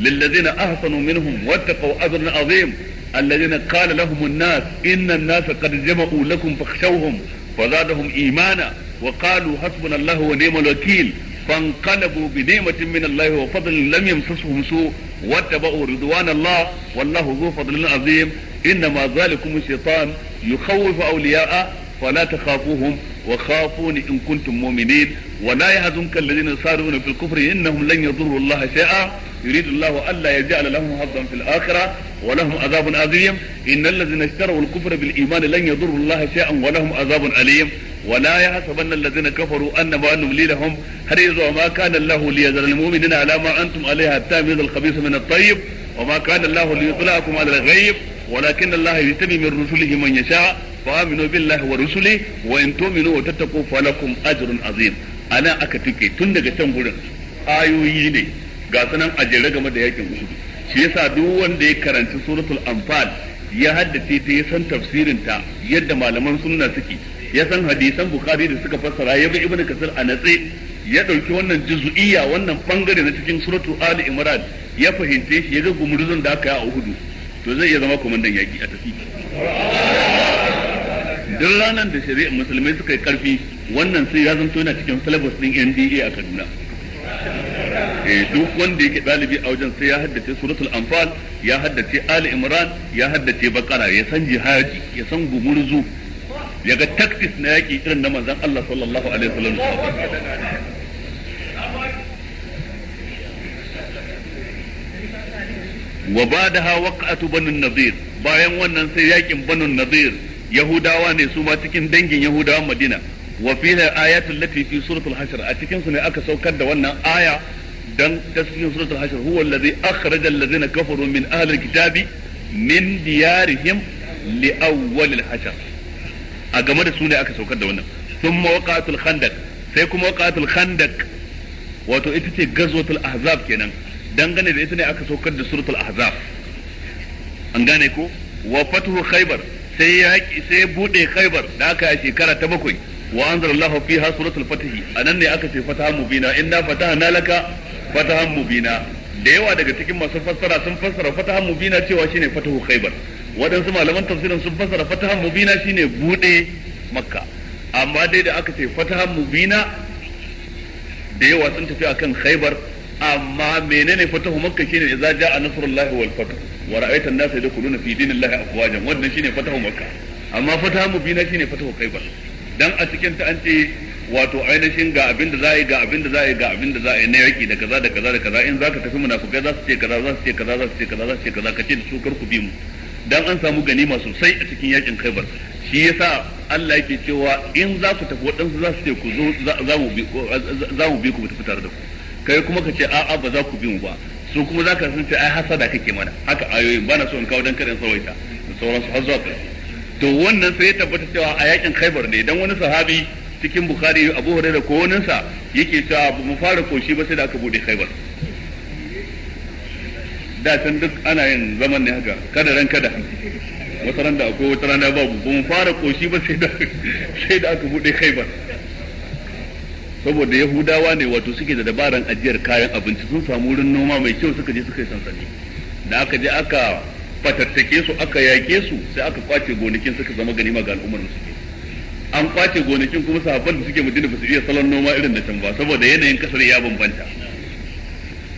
للذين أحسنوا منهم واتقوا أجر عظيم الذين قال لهم الناس إن الناس قد جمعوا لكم فاخشوهم فزادهم إيمانا وقالوا حسبنا الله ونعم الوكيل فانقلبوا بنعمة من الله وفضل لم يمسسهم سوء واتبعوا رضوان الله والله ذو فضل عظيم إنما ذلكم الشيطان يخوف أولياءه فلا تخافوهم وخافوني إن كنتم مؤمنين ولا يحزنك الذين يصارعون في الكفر إنهم لن يضروا الله شيئا يريد الله ألا يجعل لهم حظا في الآخرة ولهم عذاب عظيم إن الذين اشتروا الكفر بالإيمان لن يضروا الله شيئا ولهم عذاب أليم ولا يحسبن الذين كفروا أن ما نملي لهم هل وما كان الله ليذر المؤمنين على ما أنتم عليه حتى الخبيث من الطيب وما كان الله ليطلعكم على الغيب walakin Allah yastabi min rusulihi man yasha fa aminu billahi wa rusuli wa in tu'minu wa tattaqu falakum ajrun azim ana aka tuke tun daga can gurin ayoyi ne ga sanan ajere game da yakin Uhud shi yasa duk wanda ya karanci suratul anfal ya haddace ta ya san tafsirin ta yadda malaman sunna suke ya hadisan bukari da suka fassara ya ibnu kasir a natse ya dauki wannan juzu'iyya wannan bangare na cikin suratul ali imran ya fahimce shi ya ga gumurzun da aka yi a uhudu to zai iya zama komandan yaƙi a tafi duk ranar da shari'a, musulmai suka yi karfi wannan sai ya zanto yana cikin syllabus din NDA a Kaduna eh duk wanda yake ɗalibi a wajen sai ya haddace suratul anfal ya haddace ali imran ya haddace bakara ya san jihadi ya san gumurzu ya ga tactics na yaƙi irin na manzon Allah sallallahu alaihi wasallam wa badaha waqatu banu nadir bayan wannan sai yakin banu nadir yahudawa ne su ma cikin dangin yahudawan madina wa fiha ayatul lati fi suratul hashr a cikin su ne aka saukar da wannan aya dan tasirin suratul hashr huwa allazi akhraja allazina kafaru min ahli alkitabi min diyarihim li awwal alhashr a game da su ne aka saukar da wannan thumma waqatul khandaq sai kuma waqatul khandaq wato ita ce gazwatul ahzab kenan dangane da ita ne aka saukar da suratul ahzab an gane ko wa fatuhu khaybar sai ya sai bude khaybar da aka yi shekara ta bakwai wa anzalallahu fiha suratul fath anan ne aka ce fataha mubina inna fatahna laka fatahan mubina da yawa daga cikin masu fassara sun fassara fatahan mubina cewa shine fatahu khaybar waɗansu malaman tafsirin sun fassara fatahan mubina shine bude makka amma dai da aka ce fatahan mubina da yawa sun tafi akan khaybar amma menene fatahu makka shine idza jaa nasrullahi wal fath wa ra'aita an nas yadkhuluna fi dinillahi afwajan wannan shine fatahu makka amma fatahu mubina shine fatahu khaybar dan a cikin ta an ce wato ainihin ga abin da za yi ga abin da za yi ga abin da za yi na yaki da kaza da kaza da kaza in zaka tafi munafikai za su ce kaza za su ce kaza za su ce kaza za su ce kaza kace da su kar ku bi mu dan an samu ganima sosai a cikin yakin Khaibar shi yasa Allah yake cewa in za ku tafi waɗansu za su ce ku zo za mu bi ku tafi tare da ku kai kuma ka ce a'a ba za ku bi mu ba su kuma za ka san ce ai hasada kake mana haka ayoyin bana so in kawo dan in sawaita da su har zuwa ƙarshe to wannan sai ya tabbata cewa a yakin Khaibar ne dan wani sahabi cikin Bukhari Abu Hurairah ko wani sa yake cewa mu fara koshi ba sai da aka bude Khaibar da can duk ana yin zaman ne haka kada ran kada wata ran da akwai wata ran da babu ba mu fara koshi ba sai da sai da aka bude Khaibar saboda yahudawa ne wato suke da dabaran ajiyar kayan abinci sun samu wurin noma mai kyau suka je suka yi sansani da aka je aka fatattake su aka yake su sai aka kwace gonakin suka zama ganima ga al'ummar musulmi an kwace gonakin kuma sahabban da suke madina ba su iya salon noma irin da can ba saboda yanayin kasar ya bambanta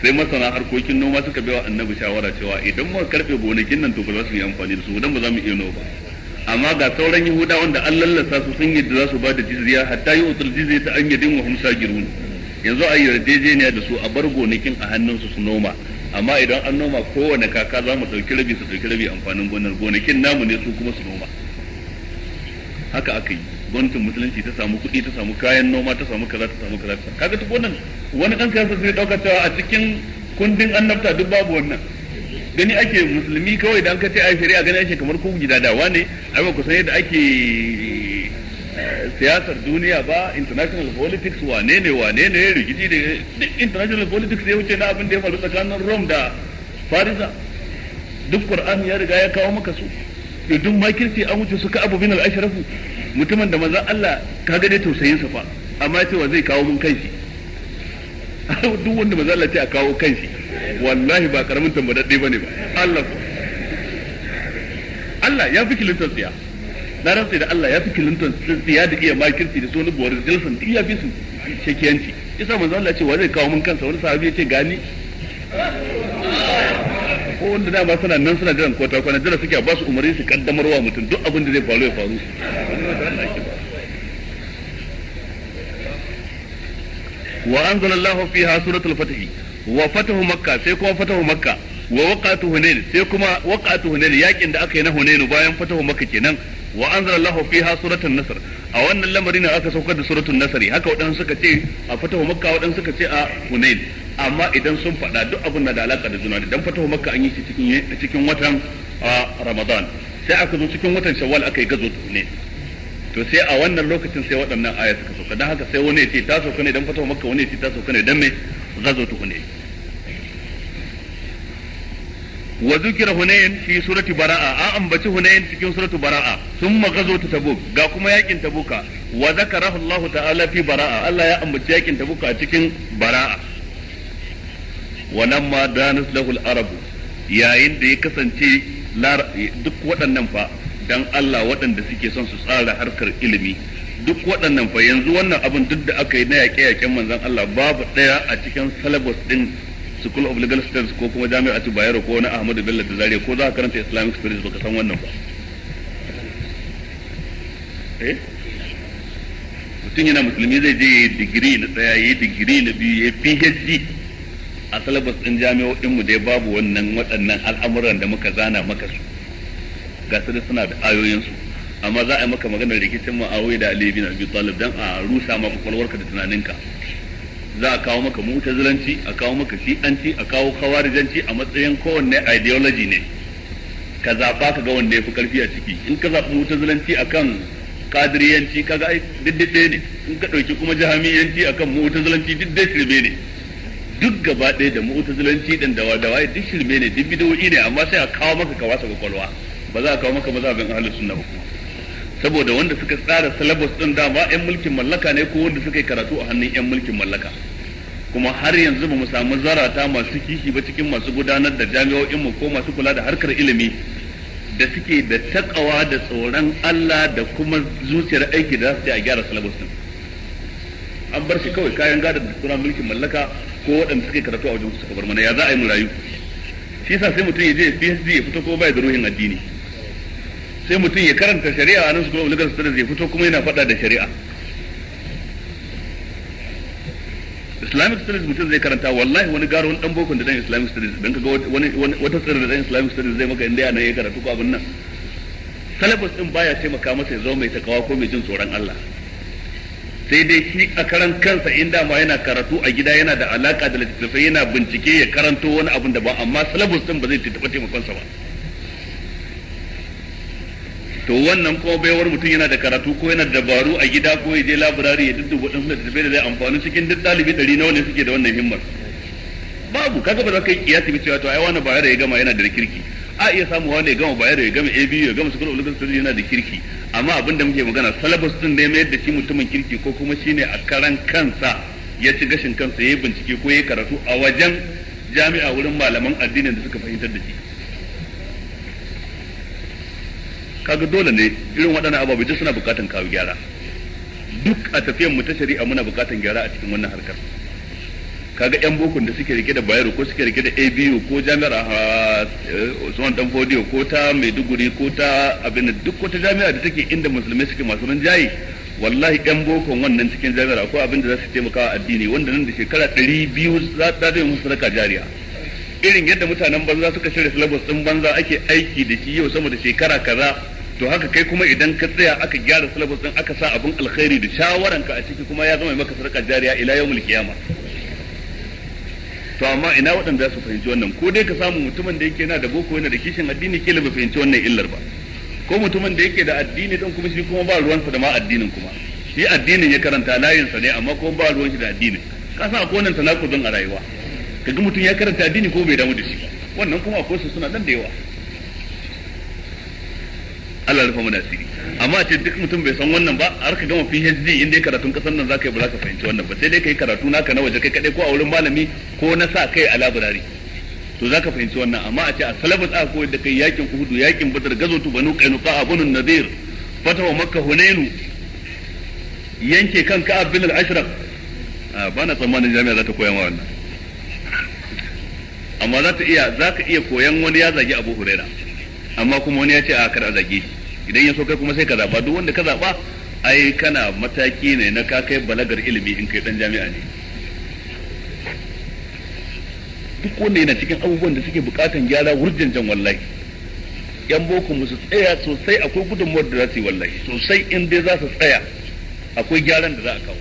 sai masana harkokin noma suka bai wa annabi shawara cewa idan muka karfe gonakin nan to ba za su yi amfani da su idan ba za mu iya noma ba amma ga sauran yahuda wanda an lallasa su sun yadda za su ba da jizya hatta yi utul jizya ta an yadin wa humsa girun yanzu a yarjejeniya da su a bar gonakin a hannunsu su noma amma idan an noma kowane kaka za mu ɗauki rabi su ɗauki rabi amfanin gonar gonakin namu ne su kuma su noma haka aka yi gwamnatin musulunci ta samu kuɗi ta samu kayan noma ta samu kaza ta samu kaza kaga to wannan wani ɗan siyasa zai ɗauka cewa a cikin kundin annabta duk babu wannan gani ake musulmi kawai da an kace ai shari'a gani ake kamar ku gidadawa ne ai ba ku san yadda ake eh, siyasar duniya ba international politics wane ne wane ne rikici da duk international politics ya wuce na abin da ya faru tsakanin Rome da Farisa duk Qur'ani ya riga ya kawo maka su to duk makirci an wuce suka abu bin al-ashrafu mutumin da manzon Allah kaga dai tausayin sa fa amma cewa zai kawo mun kanshi duk wanda manzon Allah ce a kawo kanshi wallahi ba karamin ba ne ba Allah ko Allah ya fi kilinton tsiya na rantsa da Allah ya fi kilinton tsiya da iya makirci da sunan buwar jilson duk ya fi su shekiyanci isa manzo Allah ce wa zai kawo mun kansa wani sahabi ya ce gani ko wanda dama suna nan suna jiran kota kwana jira suke ba su umarni su kaddamarwa mutum duk abin da zai faru ya faru wa anzalallahu fiha suratul fatih wa fatahu makka sai kuma fatahu makka wa waqatu hunain sai kuma waqatu hunain yakin da aka yi na hunain bayan fatahu makka kenan wa anzalallahu fiha suratul nasr a wannan lamarin aka saukar da suratul nasr haka wadansu suka ce a fatahu makka wadansu suka ce a hunain amma idan sun faɗa duk abin da alaka da juna dan fatahu makka an yi shi cikin cikin watan ah, ramadan sai aka zo cikin watan shawwal aka yi gazo hunain to sai a wannan lokacin sai waɗannan aya suka sauka don haka sai wani ya ce ta sauka ne dan fatawa makka wani ya ce ta sauka ne dan me ghazwatu hunayn wa zukira hunayn fi surati bara'a an ambaci hunayn cikin suratu bara'a thumma ghazwatu tabuk ga kuma yakin tabuka wa zakarahu Allah ta'ala fi bara'a Allah ya ambaci yakin tabuka a cikin bara'a wa lamma danat lahu al-arab yayin da ya kasance duk waɗannan fa dan Allah waɗanda suke son su tsara harkar ilimi duk waɗannan fa yanzu wannan abin duk da aka yi na yaƙe-yaƙen manzon Allah babu ɗaya a cikin syllabus din School of Legal Studies ko kuma Jami'atu Bayero ko na Ahmadu Bello da Zaria ko za ka karanta Islamic Studies baka san wannan ba eh mutum yana musulmi zai je yi digiri na tsaya yi digiri na biyu fi PhD a syllabus ɗin jami'o'in mu dai babu wannan waɗannan al'amuran da muka zana maka su ga su suna da ayoyinsu amma za a yi maka maganar rikicin ma'awai da Ali bin Abi Talib dan a rusa maka kwalwarka da tunaninka za a kawo maka mutazilanci a kawo maka shi'anci a kawo kawarijanci a matsayin kowanne ideology ne ka zaɓa ka ga wanda yafi karfi a ciki in ka zaba mutazilanci akan kadiriyanci kaga ai diddide ne in ka ɗauki kuma jahamiyanci akan mutazilanci diddide shirme ne duk gaba ɗaya da mutazilanci ɗin da wadawa duk shirme ne duk bidowi ne amma sai a kawo maka ka wasa kwakwalwa ba za a kawo maka mazhabin ahlus sunna ba kuma saboda wanda suka tsara syllabus din dama yan mulkin mallaka ne ko wanda suka yi karatu a hannun yan mulkin mallaka kuma har yanzu ba mu samu zarata masu kishi ba cikin masu gudanar da jami'o'in mu ko masu kula da harkar ilimi da suke da takawa da tsoron Allah da kuma zuciyar aiki da za su a gyara syllabus din an bar shi kawai kayan gadar da suna mulkin mallaka ko waɗanda suke karatu a wajen suka bar mana ya za a yi mu rayu shi yasa sai mutum ya je PSD ya fito ko bai da ruhin addini sai mutum ya karanta shari'a a nan su kuma ulukar su zai fito kuma yana faɗa da shari'a islamic studies mutum zai karanta wallahi wani gara wani dan bokon da dan islamic studies dan kaga wani wata tsirin da dan islamic studies zai maka inda yana ya karatu ko abin nan salafus din baya taimaka masa ya zo mai takawa ko mai jin tsoron Allah sai dai shi a karan kansa in dama yana karatu a gida yana da alaka da littattafai yana bincike ya karanto wani abin da ba amma salafus din ba zai taɓa taimakonsa ba to wannan kuma baiwar mutum yana da karatu ko yana dabaru a gida ko ya je labirari ya dudduba din da tafiya da zai amfani cikin duk ɗalibi ɗari nawa ne suke da wannan himmar babu kaga ba za ka yi kiyasi cewa to ai wani bayar ya gama yana da kirki a iya samu wani ya gama bayar ya gama ABU ya gama sukar ulugul sirri yana da kirki amma abin da muke magana salabas din ne mayar da shi mutumin kirki ko kuma shine a karan kansa ya ci gashin kansa ya yi bincike ko ya karatu a wajen jami'a wurin malaman addinin da suka fahimtar da shi kaga dole ne irin waɗannan ababe duk suna bukatan kawo gyara duk a tafiyan mu ta shari'a muna bukatan gyara a cikin wannan harkar kaga yan bokun da suke rike da bayero ko suke rike da abu ko jami'ar ah, eh, usman dan fodiyo ko ta maiduguri ko ta abin da duk wata jami'a da take inda musulmai suke masu rinjaye wallahi yan bokon wannan cikin jami'ar ko abin da za su taimaka addini wanda nan da shekara ɗari biyu za ta yi musu raka jariya irin yadda mutanen banza suka shirya syllabus din banza ake aiki da shi yau sama da shekara kaza to haka kai kuma idan ka tsaya aka gyara syllabus din aka sa abin alkhairi da ka a ciki kuma ya zama maka sarka jariya ila yawmul qiyama to amma ina waɗanda su fahimci wannan ko dai ka samu mutumin da yake yana da boko yana da kishin addini ke bai fahimci wannan illar ba ko mutumin da yake da addini din kuma shi kuma ba ruwansa da ma addinin kuma shi addinin ya karanta layinsa ne amma kuma ba ruwan shi da addinin ka san akwai wannan tanakudin a rayuwa kaga mutum ya karanta addini ko bai damu da shi wannan kuma akwai su suna nan da yawa Allah rufa mana asiri amma a ce duk mutum bai san wannan ba har ka gama PhD inda ya karatun kasan nan zaka yi ba za ka fahimci wannan ba sai dai kai karatu naka na waje kai kadai ko a wurin malami ko na sa kai a laburari to zaka fahimci wannan amma a ce a salabas aka koyar da kai yakin Uhud yakin Badr gazwatu Banu Qainuqa Banu Nadir fatawa Makka Hunainu yanke kan Ka'ab bin al-Ashraf a bana tsammanin jami'a za ta koya ma wannan amma za ta iya za ka iya koyan wani ya zagi Abu Huraira amma kuma wani ya ce a kar a zage shi idan ya so kai kuma sai ka zaba duk wanda ka zaba ai kana mataki ne na ka kai balagar ilimi in kai dan jami'a ne duk wanda yana cikin abubuwan da suke bukatan gyara jan wallahi yan boko musu tsaya sosai akwai gudunmuwar da za su yi wallahi sosai in dai za su tsaya akwai gyaran da za a kawo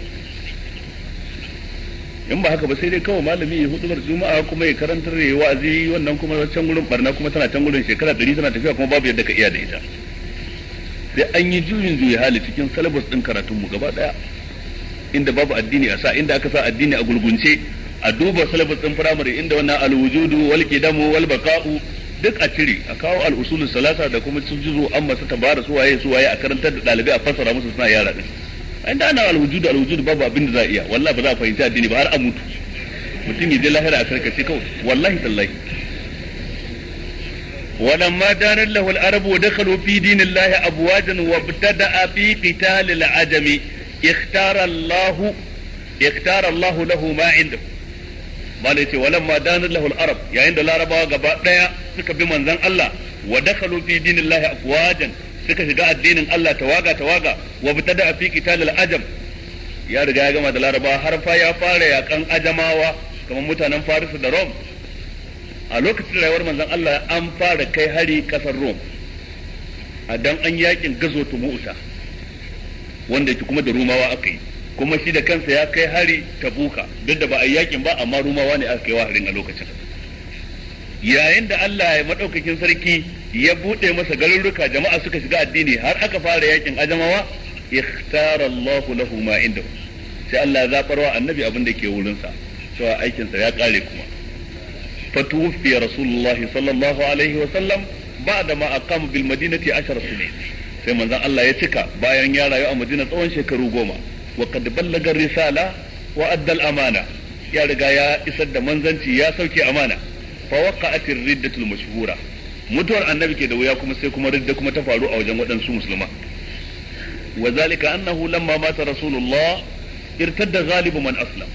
in ba haka ba sai dai kawai malami ya bar juma'a kuma ya karantar ya wa'azi wannan kuma can gurin barna kuma tana can gurin shekara ɗari tana tafiya kuma babu yadda ka iya da ita sai an yi juyin juya hali cikin salabas din karatunmu gaba daya inda babu addini a sa inda aka sa addini a gulgunce a duba salabas din firamare inda wannan alwujudu wal kidamu wal baqa'u duk a cire a kawo al'usul salasa da kuma sun jizo an masu tabara su waye su waye a karantar da ɗalibai a fassara musu suna yara din an da ana alwujudu alwujudu babu abin da za a iya wallahi ba za a fahimci addini ba har a mutu mutum ya je lahira a karkace kawai wallahi tallahi ولما دانت له العرب دخلوا في دين الله أبواجا وابتدأ في قتال العجم اختار الله اختار الله له ما عنده malai yayin da larabawa gaba daya suka bi manzon Allah wa dakhalu fi dinillahi afwajan suka shiga addinin Allah tawaga tawaga wa bitada fi qitalil ajam ya riga ya gama da larabawa har fa ya fara yakan ajamawa kamar mutanen farisa da Rome a lokacin rayuwar manzon Allah an fara kai hari kasar Rom a dan an yakin gazo Tumusa wanda kuma da Romawa aka yi kuma shi da kansa ya kai hari Tabuka duk da ba a yakin ba amma Romawa ne aka kai wa harin a lokacin yayin da Allah ya madaukakin sarki ya bude masa garuruka jama'a suka shiga addini har aka fara yakin ajamawa ikhtara Allah lahu ma inda sai Allah ya zabarwa annabi abin da ke wurinsa cewa aikinsa ya kare kuma فتوفي رسول الله صلى الله عليه وسلم بعد ما أقام بالمدينة عشر سنين sai manzon Allah ya cika bayan ya rayu a Madina tsawon shekaru goma wa qad ballaga risala wa adda amana ya riga ya isar da manzanci ya sauke amana fa waqa'at ar-riddatul mashhura mutuwar annabi ke da wuya kuma sai kuma ridda kuma ta faru a wajen waɗansu musulma wa zalika annahu lamma mata rasulullah da ghalibu man aslam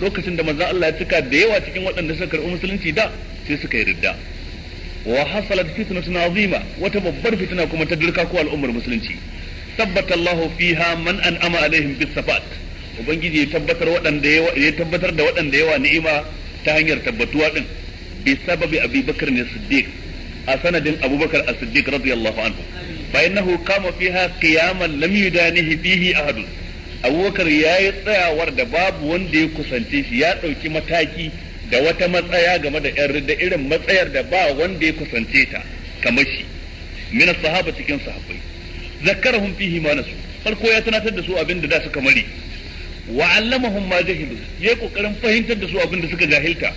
lokacin da manzon Allah ya cika da yawa cikin waɗanda suka karɓi musulunci da sai suka yi ridda wa hasalat fitnatun azima wata babbar fitina kuma ta dirka ko al'ummar musulunci tabbata Allahu fiha man an'ama alaihim bis ubangiji ya tabbatar waɗanda ya tabbatar da waɗanda yawa ni'ima ta hanyar tabbatuwa din bi sababi abubakar ne siddiq a sanadin abubakar as-siddiq radiyallahu anhu fa innahu qama fiha qiyaman lam yudanihi fihi ahadun abubakar ya yi tsayawar da babu wanda ya kusance shi ya ɗauki mataki da wata matsaya game da yan da irin matsayar da ba wanda ya kusance ta kamar shi mina sahaba cikin sahabbai hun fihi ma nasu farko ya tunatar da su abin da suka mari wa allamahum ma jahilu ya kokarin fahimtar da su abin da suka jahilta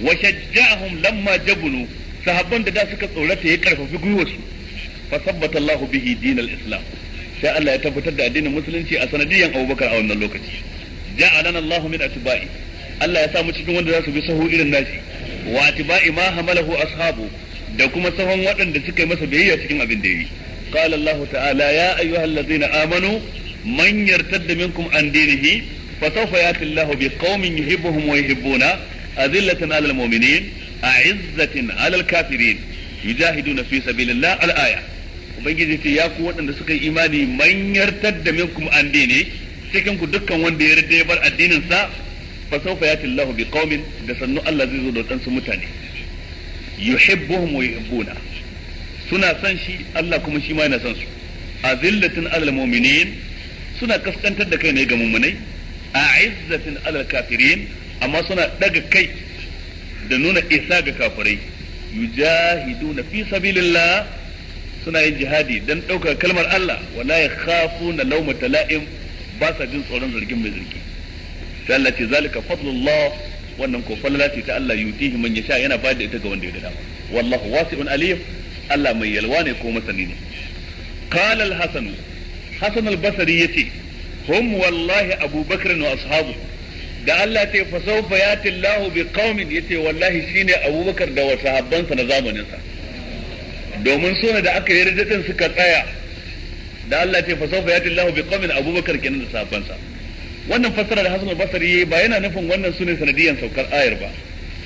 wa shajja'ahum lamma jabulu sahabban da da suka tsorata ya karfafi gwiwarsu fa sabbata Allahu bihi dinal islam sai Allah ya tabbatar da addinin musulunci a sanadiyan Abubakar a wannan lokaci ja'alana Allahu min atba'i Allah ya sa mu cikin wanda za su bi sahu irin nashi wa atba'i ma hamalahu ashabu da kuma sahon waɗanda suka yi masa biyayya cikin abin da yi qala Allah ta'ala ya ayyuhal ladzina amanu man yartadda minkum an dinihi fa sawfa yati Allah bi qaumin yuhibbuhum wa yuhibbuna azillatin 'alal mu'minin a'izzatin 'alal kafirin yujahiduna fi sabilillah al-aya ubangiji ce ya ku waɗanda suka yi imani manyar tadda min kuma an dini cikin ku dukkan wanda ya yarda ya bar addinin sa fa sawfa yati Allahu bi qaumin da sannu Allah zai zo da wadansu mutane yuhibbuhum wa yuhibbuna suna son shi Allah kuma shi ma yana son su azillatin alal mu'minin suna kaskantar da kai ne ga mu'minai a'izzatin alal kafirin amma suna daga kai da nuna isa ga kafirai yujahiduna fi sabilillah suna yin jihadi dan ɗaukar kalmar Allah wala ya khafu na lauma tala'im ba sa jin tsoron zargin mai zargi sai Allah ce zalika fadlullah wannan ko falala ce ta Allah yutihi man yasha yana bayar da ita ga wanda ya dama wallahu wasi'un alim Allah mai yalwa ne ko masani ne qala al-hasan hasan al-basri yace hum wallahi abubakar wa ashabu da Allah ce fa sawfa yati Allah bi qaumin yace wallahi shine abubakar da wasu wasahabbansa na zamaninsa sa domin suna da aka yarda din suka tsaya da Allah ce fa sawfa yati Allahu biqawmin Abubakar kenan da safansa wannan fassara da Hasan al-Basri ba yana nufin wannan sune sanadiyan saukar ayar ba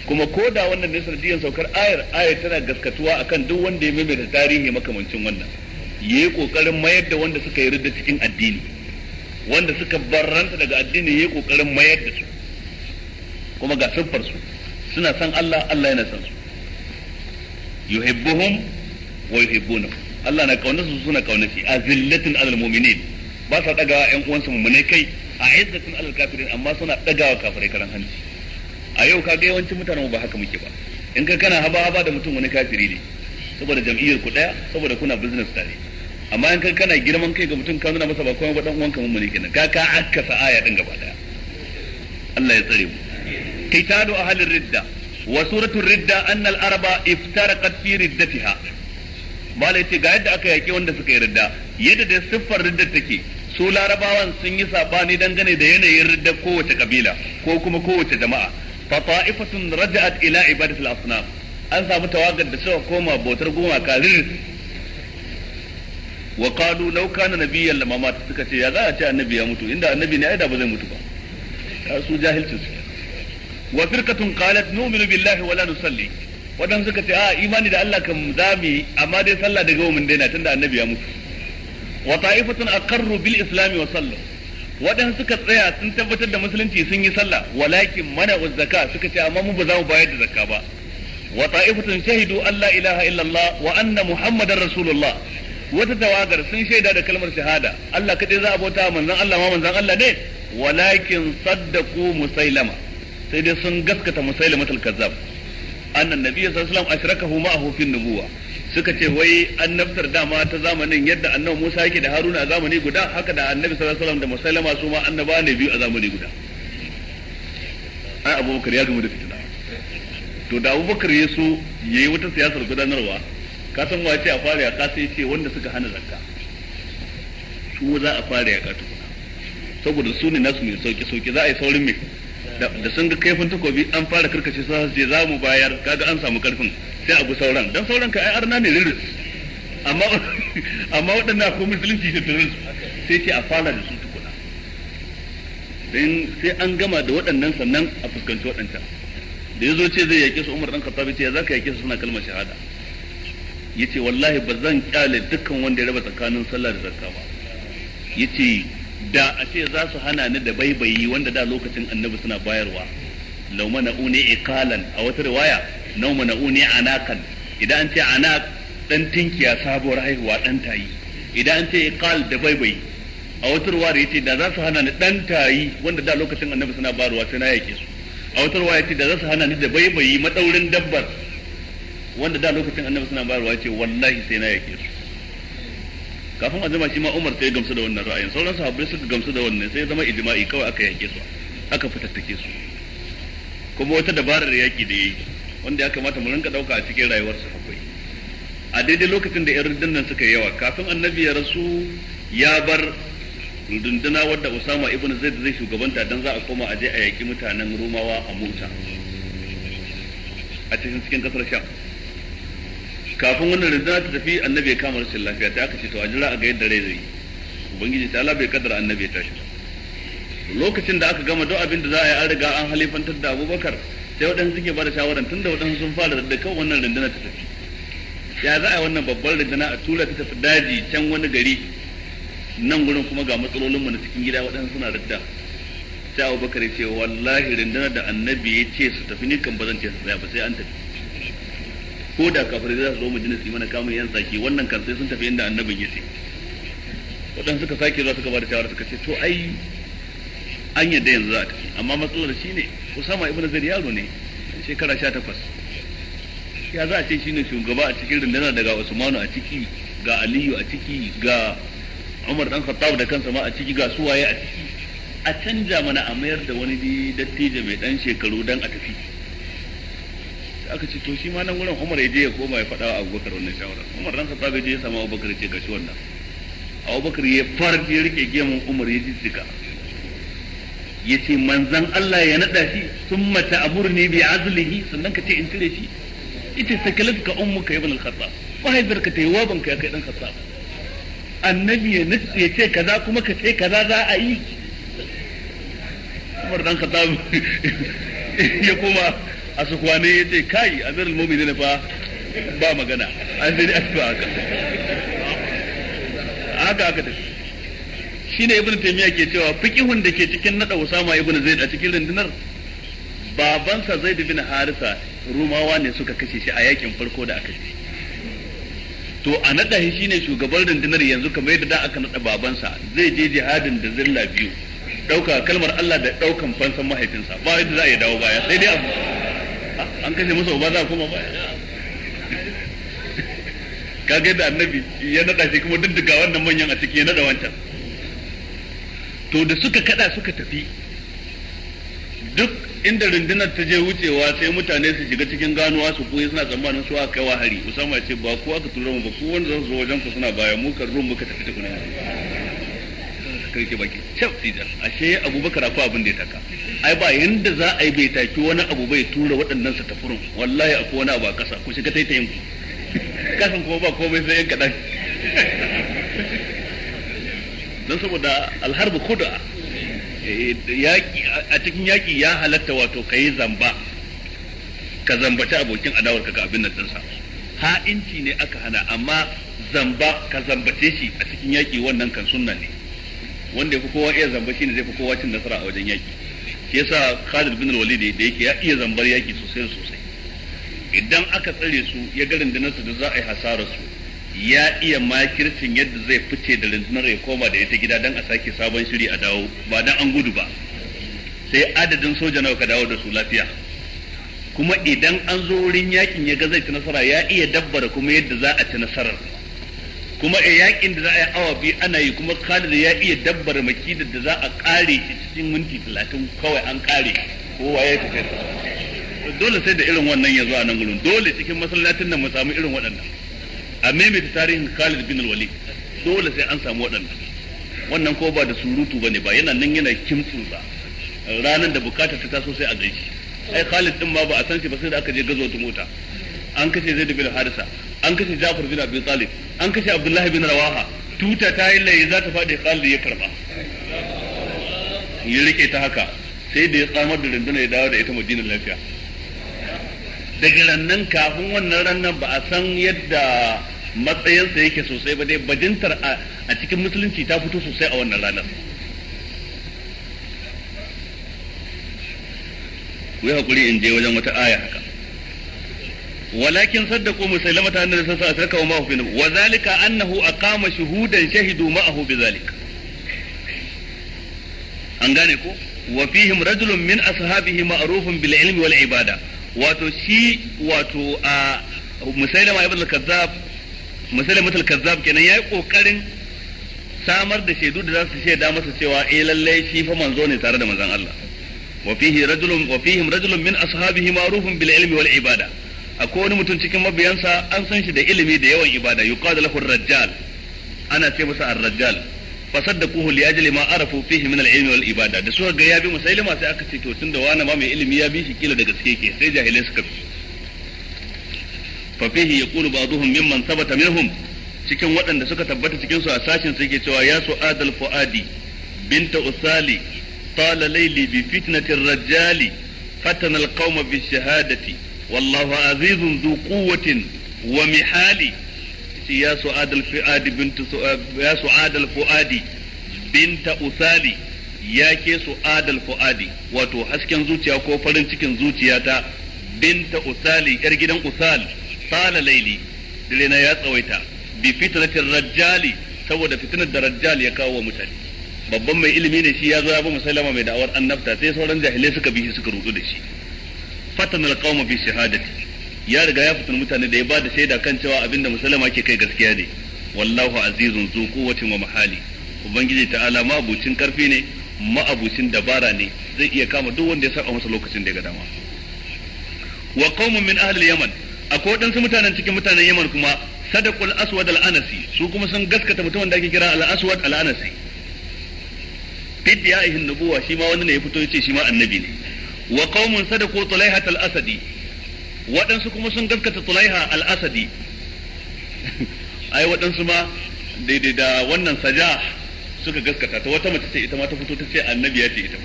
kuma ko da wannan ne sanadiyan saukar ayar ayar tana gaskatuwa akan duk wanda ya maimaita tarihi makamancin wannan yayi kokarin mayar da wanda suka yi cikin addini wanda suka barranta daga addini yayi kokarin mayar da su kuma ga siffar su suna san Allah Allah yana san su yuhibbuhum wa yuhibbuna Allah na kaunar su suna kaunar shi azillatin alal mu'minin ba sa dagawa ƴan su mummunai kai a izzatin alal kafirin amma suna wa kafirai karan hanci a yau kaga yawancin mutanen ba haka muke ba in ka kana haba haba da mutum wani kafiri ne saboda jam'iyyar ku daya saboda kuna business tare amma in ka kana girman kai ga mutum ka nuna masa ba komai ba dan uwanka mummuni kenan ka ka sa aya din gaba daya Allah ya tsare mu qitalu ahlir ridda wa suratul ridda anna al araba iftaraqat fi riddatiha malai ce ga yadda aka yaƙi wanda suka yi ridda yadda da siffar ridda take su larabawan sun yi sabani dangane da yanayin ridda kowace kabila ko kuma kowace jama'a fa ta'ifatun raja'at ila ibadatul asnam an samu tawagar da suka koma bautar goma riris wa qalu law kana nabiyyan lama mata suka ce ya za a ce annabi ya mutu inda annabi ne ai da ba zai mutu ba su jahilcin su wa firqatun qalat nu'minu billahi wa la nusalli waɗansu suka ce a imani da Allah kan zami amma dai sallah daga wa mun daina tunda annabi ya mutu wa ta'ifatun aqarru bil islami wa sallu waɗansu suka tsaya sun tabbatar da musulunci sun yi sallah walakin mana wa zakka suka ce amma mu ba za mu bayar da zakka ba wa ta'ifatun shahidu Allah ilaha illallah wa anna muhammadar rasulullah wata tawagar sun shaida da kalmar shahada Allah kaɗai za a bauta manzon Allah ma manzon Allah ne walakin saddaku musailama sai dai sun gaskata musailamatul kazzab annan nabi sallallahu alaihi wasallam ashrakahu ma'ahu fi nubuwa suka ce wai annabtar dama ta zamanin yadda annabi Musa yake da Haruna a zamani guda haka da annabi sallallahu alaihi wasallam da musallama su ma annaba ne biyu a zamani guda ai abubakar ya gamu da fitina to da abu abubakar ya so yayi wata siyasar gudanarwa ka san ce a fara ya kasa ce wanda suka hana zakka su za a fara ya kato saboda su ne nasu mai sauki sauki za a yi saurin mai da sun ga kaifin takobi an fara karkace su sai za mu bayar kaga an samu karfin sai abu sauran dan sauran ka ai arna ne riris amma amma wadanda ko musulunci da riris sai ce a fara da su tukuna dan sai an gama da waɗannan sannan a fuskanci waɗancan da yazo ce zai yake su Umar dan Khattab ce ya zaka yake su suna kalmar shahada yace wallahi ba zan kyale dukkan wanda ya raba tsakanin sallah da zakka ba yace da a ce za su hana ni da baibayi wanda da lokacin annabi suna bayarwa law mana'uni ikalan a wata riwaya law mana'uni anakan idan an ce ana dan tinkiya sabuwar haihuwa dan tayi idan an ce iqal da baibayi a wata riwaya yace da za su hana ni dan tayi wanda da lokacin annabi suna bayarwa sai na yake su a wata riwaya yace da za su hana ni da baibayi madaurin dabbar wanda da lokacin annabi suna bayarwa yace wallahi sai na yake su kafin a zama shi ma Umar sai gamsu da wannan ra'ayin sauran sahabbai suka gamsu da wannan sai zama ijma'i kawai aka yake su aka fitattake su kuma wata dabarar yaki da yayi wanda ya kamata mu rinka dauka a cikin rayuwar akwai a daidai lokacin da irin rundunar suka yawa kafin annabi ya rasu ya bar rundunduna wadda Usama ibn Zaid zai shugabanta dan za a koma a je a yaki mutanen Rumawa a mota a cikin cikin kasar Sham kafin wannan rundunar ta tafi annabi ya kama rashin lafiya ta aka ce to a jira a ga yadda rai zai ubangiji ta Allah bai kadara annabi ya tashi lokacin da aka gama duk abin da za a yi an riga an halifantar da Abubakar sai waɗansu suke ba da shawaran tun da waɗansu sun fara da kan wannan rundunar ta tafi ya za a yi wannan babbar rundunar a tura ta tafi daji can wani gari nan gurin kuma ga matsalolin mu na cikin gida waɗansu suna radda sai Abubakar ya ce wallahi rundunar da annabi ya ce su tafi ni kan ba zan ce su tsaya ba sai an tafi ko da kafir za su zo madina su mana kamun yan sake wannan kan sai sun tafi inda annabin ya ce waɗansu suka sake zuwa suka ba da shawara suka ce to ai an yadda yanzu za a tafi amma matsalar shi ne usama ibn zaid yaro ne shekara sha takwas ya za a ce shine shugaba a cikin rundunar daga usmanu a ciki ga aliyu a ciki ga umar dan khattab da kansa ma a ciki ga suwaye a ciki a canja mana a mayar da wani dattijo mai dan shekaru dan a tafi aka ce to shi ma nan wurin Umar ya je ya koma ya faɗa wa Abubakar wannan shawara Umar dan Khattab ya je ya samu Abubakar ya ce shi wannan Abubakar ya farje ya rike gemun Umar ya jijjiga ya ce manzan Allah ya naɗa shi sun mata a ne bi azlihi sannan ka ce in cire shi ita sakalat ka ka ibn al-khattab mahaifiyar ka ta yi waban ka ya kai dan khattab annabi ya nutsi ya ce kaza kuma ka ce kaza za a yi Umar dan khattab ya koma a ne ya ce kai amirul mu'minin fa ba magana an zai a ba haka haka haka da ne ibn taymiya ke cewa fikihun da ke cikin nada usama ibn zaid a cikin rundunar babansa zaid bin harisa rumawa ne suka kashe shi a yakin farko da aka ci to a nada shi shine shugaban rundunar yanzu kamar yadda da aka nada babansa zai je jihadin da zilla biyu dauka kalmar Allah da daukan fansan mahaifinsa ba yadda za a yi dawo baya sai dai abu an kashe masa uba za a koma baya ga da annabi ya nada shi kuma diddiga wannan manyan a ciki ya nada wancan to da suka kada suka tafi duk inda rundunar ta je wucewa sai mutane su shiga cikin ganuwa su koyi suna tsammanin su aka kaiwa hari usama ya ce ba kowa ka tura mu ba kowa wanda zan zo wajen ku suna baya mu kan rum muka tafi tukuna ta karke baki shaf sijar ashe abubakar akwai abin da ya taka ai ba yanda za a yi bai taki wani abu bai tura waɗannan sa tafurin wallahi akwai wani abu a ƙasa ku shiga taitayin ku kasan kuma ba komai sai yan kaɗan don saboda alharbu kuda eh, a cikin yaƙi ya halatta wato ka yi zamba ka zambaci abokin adawar ka ga abin nan ɗinsa ha'inci ne aka hana amma zamba ka zambace shi a cikin yaƙi wannan kan sunna ne wanda ya fi kowa iya zamba shine zai fi kowa cin nasara a wajen yaki shi yasa Khalid bin Walid da yake ya iya zambar yaki sosai sosai idan aka tsare su ya ga rundunar su da za a yi hasarar su ya iya makircin yadda zai fice da rundunar ya koma da ita gida dan a sake sabon shiri a dawo ba dan an gudu ba sai adadin soja nawa ka dawo da su lafiya kuma idan an zo wurin yakin ya ga zai ci nasara ya iya dabbara kuma yadda za a ci nasarar kuma a yakin da za a yi awa biyu ana yi kuma Khalid ya iya dabbar makidar da za a kare shi cikin minti talatin kawai an kare kowa ya ta. dole sai da irin wannan ya zo a nan gurin dole cikin masallacin nan mu samu irin waɗannan a maimaita tarihin Khalid bin wali. dole sai an samu waɗannan wannan ko ba da surutu bane ba yana nan yana ba ranar da bukatar ta taso sai a gaishe ai Khalid din ma ba a san shi ba sai da aka je gazo mota an kace da bil Harisa an kashe Ja'far bin Abi Talib an kashe Abdullahi, bin Rawaha tuta ta yi laye za ta faɗi Khalid ya karba ya rike ta haka sai da ya tsamar da rundunar ya dawo da ita Madinar lafiya daga rannan kafin wannan rannan ba a san yadda matsayinsa yake sosai ba dai bajintar a cikin musulunci ta fito sosai a wannan ranar ku yi hakuri in je wajen wata aya haka walakin صدقوا مسلمة annahu sallallahu alaihi wasallam ma fi في zalika annahu أنه shuhudan شهودا شهدوا bidhalik an gane ko wa rajulun min ashabihi ma'rufun bil ilmi wal ibada wato shi wato a musailama ibn al-kazzab musailama kokarin samar da shaidu da za su shaida masa cewa eh lalle shi fa manzo ne tare da manzon Allah wa fihi rajulun wa fihim rajulun min ashabihi ma'rufun bil ilmi wal ibada akwai wani mutum cikin mabiyansa an san shi da ilimi da yawan ibada yuqadu lahu ar-rajjal ana ce masa ar-rajjal fasaddaquhu li ajli ma arafu fihi min al wal ibada da suka ga ya bi musailima sai aka ce to tunda wani ma mai ilimi ya bi shi kila da gaske ke sai jahilai suka bi ya fihi yaqulu ba'dhum mimman min hum cikin waɗanda suka tabbata cikin su a sashin su ke cewa ya su adal fuadi binta usali طال ليلي بفتنة الرجال فتن bi shahadati. wallahu azizun zu quwwatin wa mihali ya su'ad al-fuad bint eh, binta usali ya ke su'ad al-fuadi wato hasken zuciya ko farin cikin zuciyata binta usali yar gidan usal sala laili dare ya tsawaita bi fitnatir rajjali saboda fitinar da rajjal ya kawo wa mutane babban mai ilimi ne shi ya zo ya bi musallama mai da'awar annabta sai sauran jahilai suka bi suka ruɗu da shi fatan alƙawma bi shahadati ya riga ya fitar mutane da ya ba da shaida kan cewa abinda musulma ke kai gaskiya ne wallahu azizun zu quwwatin wa mahali ubangiji ta'ala ma abucin karfi ne ma abucin dabara ne zai iya kama duk wanda ya saba masa lokacin da ya ga dama wa qaumun min ahli yaman akwai waɗansu mutanen cikin mutanen yaman kuma sadaqul aswad al-anasi su kuma sun gaskata mutumin da ake kira al-aswad al-anasi bidiyaihin nubuwa shi ma wani ne ya fito yace shi ma annabi ne wa qaumun sadaku tulaiha al-asadi waɗansu kuma sun gaskata tulaiha al-asadi ai waɗansu ma daidai da wannan saja suka gaskata ta wata mace ce ita ma ta fito ta ce annabi ya ce ita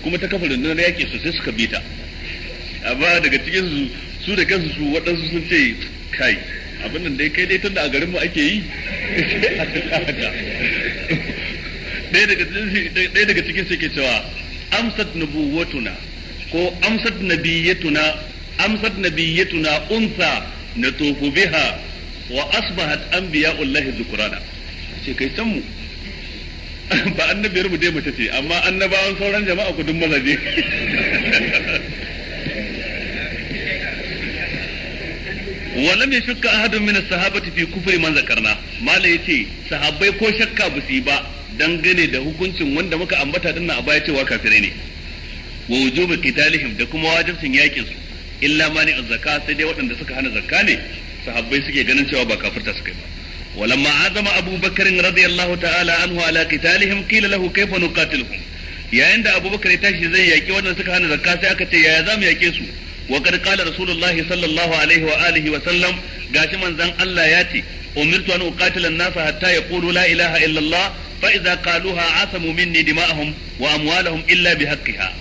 kuma ta kafa rundunar yaƙi sosai suka bi ta amma daga cikin su su da kansu su waɗansu sun ce kai abin nan dai kai dai tunda a garin mu ake yi ɗaya daga cikin su ke cewa amsat nubuwatuna ko amsat nabiyatuna amsat nabiyatuna unsa tofu biha wa asbahat ullahi zukurana ce kai can mu ba annabiyar mu dai mace ce amma annabawan sauran jama'a ku duk mazaje walam ya shukka ahadun min as-sahabati fi kufri man zakarna mala yace sahabbai ko shakka ba su ba dangane da hukuncin wanda muka ambata din a baya cewa kafirai ne wa wujubi qitalihim da kuma wajibcin yakin su illa mani az-zaka sai dai waɗanda suka hana zakka ne sahabbai suke ganin cewa ba kafirta suka yi ba ولما عزم أبو بكر رضي الله تعالى عنه على قتالهم قيل له yayin da abubakar ya tashi zai yaƙi waɗanda suka hana zakka sai aka ce yaya za mu yaƙe su wa qad qala rasulullahi sallallahu alaihi wa alihi wa sallam gashi manzon Allah ya ce umirtu an uqatila an-nasa hatta yaqulu la ilaha illallah. Allah fa idza qaluha asamu minni wa illa haka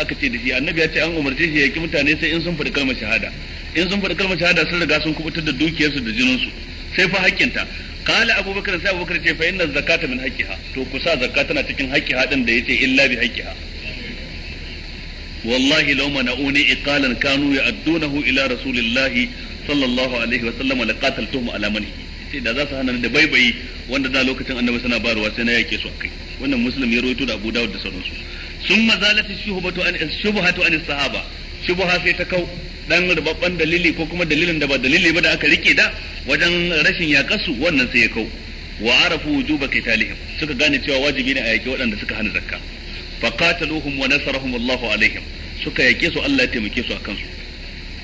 aka ce da shi annabi ya ce an umarce shi ya ki mutane sai in sun faɗi kalmar shahada in sun faɗi kalmar shahada sun riga sun kubutar da dukiyarsu da jininsu sai fa hakkinta kala abubakar sai abubakar ce fa inna zakata min haqqiha to kusa zakata tana cikin haqqiha din da yace illa bi haqqiha wallahi law mana'uni iqalan kanu ya'addunahu ila rasulillahi sallallahu alaihi wa sallam laqataltuhum ala manhi sai da za su hana da baibayi wanda da lokacin annabi suna barwa sai na yake su akai wannan muslim ya rawaito da Abu Dawud da sauransu shubhatu an shubhatu an sahaba shubha sai ta kau dan rubabban dalili ko kuma dalilin da ba dalili ba da aka rike da wajen rashin yakasu wannan sai ya kau wa arafu wujuba qitalihim suka gane cewa wajibi ne a yaki waɗanda suka hana zakka fa qataluhum wa nasarahum alaihim suka yake su Allah ya taimake su akan su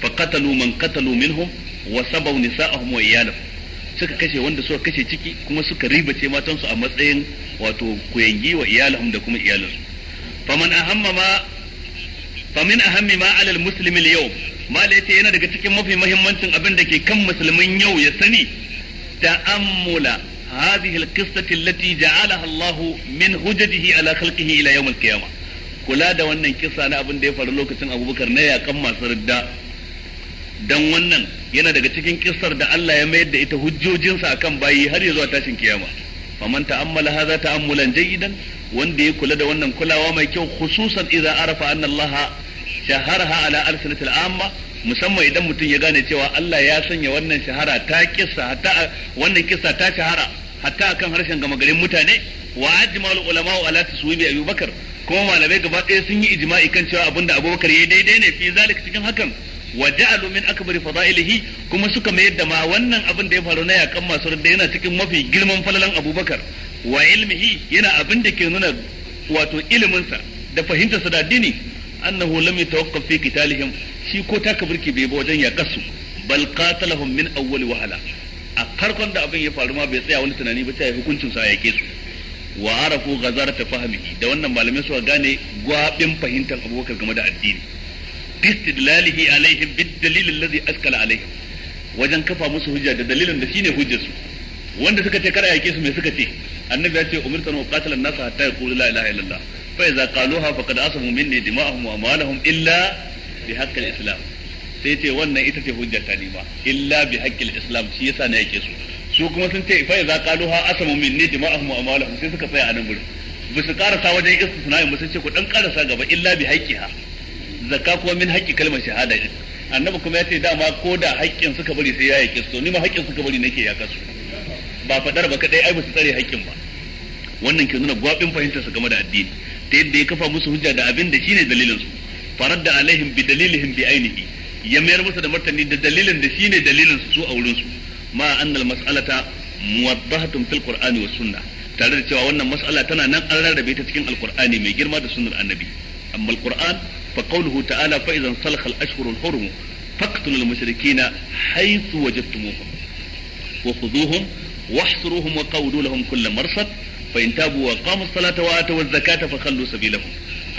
fa qatalu man qatalu minhum wa sabaw nisa'ahum wa iyalahum suka kashe wanda suka kashe ciki kuma suka ribace matansu a matsayin wato kuyangi wa iyalahum da kuma iyalansu faman ahamma ma famin ahammi ma alal muslimin yau mala yace yana daga cikin mafi muhimmancin abin da ke kan musulmin yau ya sani ta'ammula هذه القصة التي جعلها الله من هججه على خلقه إلى يوم القيامة kula da wannan kisa na abin da ya faru lokacin abubakar na yakan masu ridda don wannan yana daga cikin kisar da Allah ya mayar da ita hujjojinsa akan bayi har ya zuwa tashin kiyama faman ta'ammala hadha ta'ammulan jayyidan wanda ya kula da wannan kulawa mai kyau khususan idan arafa anna Allah shaharha ala alsinatil amma musamman idan mutum ya gane cewa Allah ya sanya wannan shahara ta kissa ta wannan kissa ta shahara hatta akan harshen gama garin mutane wa ajmal ulama wa ala abu abubakar kuma malamai gaba ɗaya sun yi ijma'i kan cewa abinda abubakar ya daidai ne fi zalik cikin hakan wa ja'alu min akbar fadailihi kuma suka mayar da ma wannan abin da ya faru na yakan masu da yana cikin mafi girman falalan abubakar wa ilmihi yana abin da ke nuna wato iliminsa da fahimtar sa da dini annahu lam yatawaqqaf fi qitalihim shi ko ta kabirki bai ba wajen yakasu bal qatalahum min awwal wahala a farkon da abin ya faru ma bai tsaya wani tunani ba sai hukuncin sa yake su wa arafu ta fahmi da wannan malamai suka gane gwabin fahimtar abubakar game da addini bistidlalihi alaihim bid-dalil alladhi askala alaihim wajen kafa musu hujja da dalilin da shine hujjar su wanda suka ce kada yake su me suka ce annabi ya ce umirtu an qatala an-nas hatta yaqulu la ilaha illallah fa iza qaluha faqad asamu minni dima'ahum wa amwaluhum illa bihaqqil islam sai ce wannan ita ce hujjar ta nima illa bi haqqil islam shi yasa na yake su su kuma sun ce fa idza qaluha asamu ni jama'ahu wa amaluhum sai suka tsaya a nan gurin ba su karasa wajen istisna'i ba sun ce ku dan karasa gaba illa bi haqqiha zakka kuma min haqqi kalmar shahada din annabi kuma ya ce dama ko da haƙƙin suka bari sai ya yake su ni ma haƙƙin suka bari nake ya kasu ba fadar ba kadai ai ba su tsare haƙƙin ba wannan ke nuna gwabin fahimtar su game da addini ta yadda ya kafa musu hujja da abin da shine dalilin su farad da alaihim bi dalilihim bi ainihi ya mayar musu da martani da dalilin da shine dalilin su a wurin su ma annal mas'alata muwaddahatun fil qur'ani was sunnah tare da cewa wannan mas'ala tana nan an rarrabe ta cikin alqur'ani mai girma da sunnar annabi amma alqur'an fa qawluhu ta'ala fa idan salakha al-ashhur al-hurum faqtul al-mushrikeena haythu wajadtumuhum wa khudhuhum واحصروهم وقولوا لهم كل مرصد فإن تابوا وأقاموا الصلاة وآتوا الزكاة فخلوا سبيلهم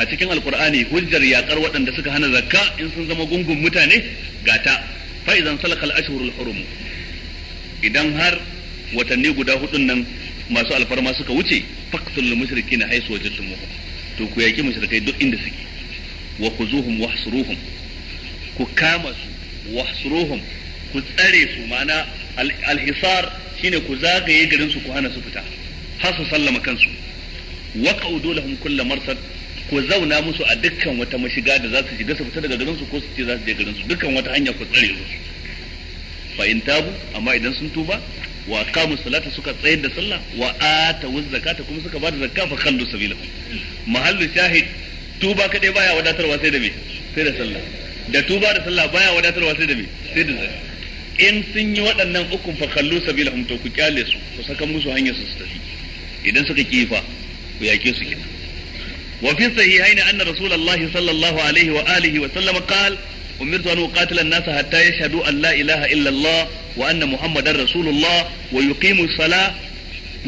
a cikin alkur'ani hujjar yakar waɗanda suka hana zakka in sun zama gungun mutane gata fa idan salakal ashhurul hurum idan har watanni guda hudun nan masu alfarma suka wuce faqtul mushrikina haisu wajtumuhum to ku yaki mushrikai duk inda suke wa khuzuhum wahsuruhum ku kama su wahsuruhum ku tsare su ma'ana alhisar shine ku zagaye garin su ku hana su fita har su sallama kansu wa qaudu lahum kullu marsad ku zauna musu a dukkan wata mashiga da za su shiga su fita daga garin su ko su ce za su je garin su dukkan wata hanya ku tsare su. fa in tabu amma idan sun tuba wa qamu salata suka tsayar da sallah wa atu zakata kuma suka bada zakka fa kallu sabila mahallu shahid tuba kadai baya wadatarwa sai da me sai da sallah da tuba da sallah baya wadatarwa sai da me sai da zakka in sun yi waɗannan ukun fa kallu sabila to ku kyale su ku saka musu hanyar su tafi idan suka kifa ku yake su kenan وفي الصحيحين أن رسول الله صلى الله عليه وآله وسلم قال أمرت أن أقاتل الناس حتى يشهدوا أن لا إله إلا الله وأن محمدا رسول الله ويقيموا الصلاة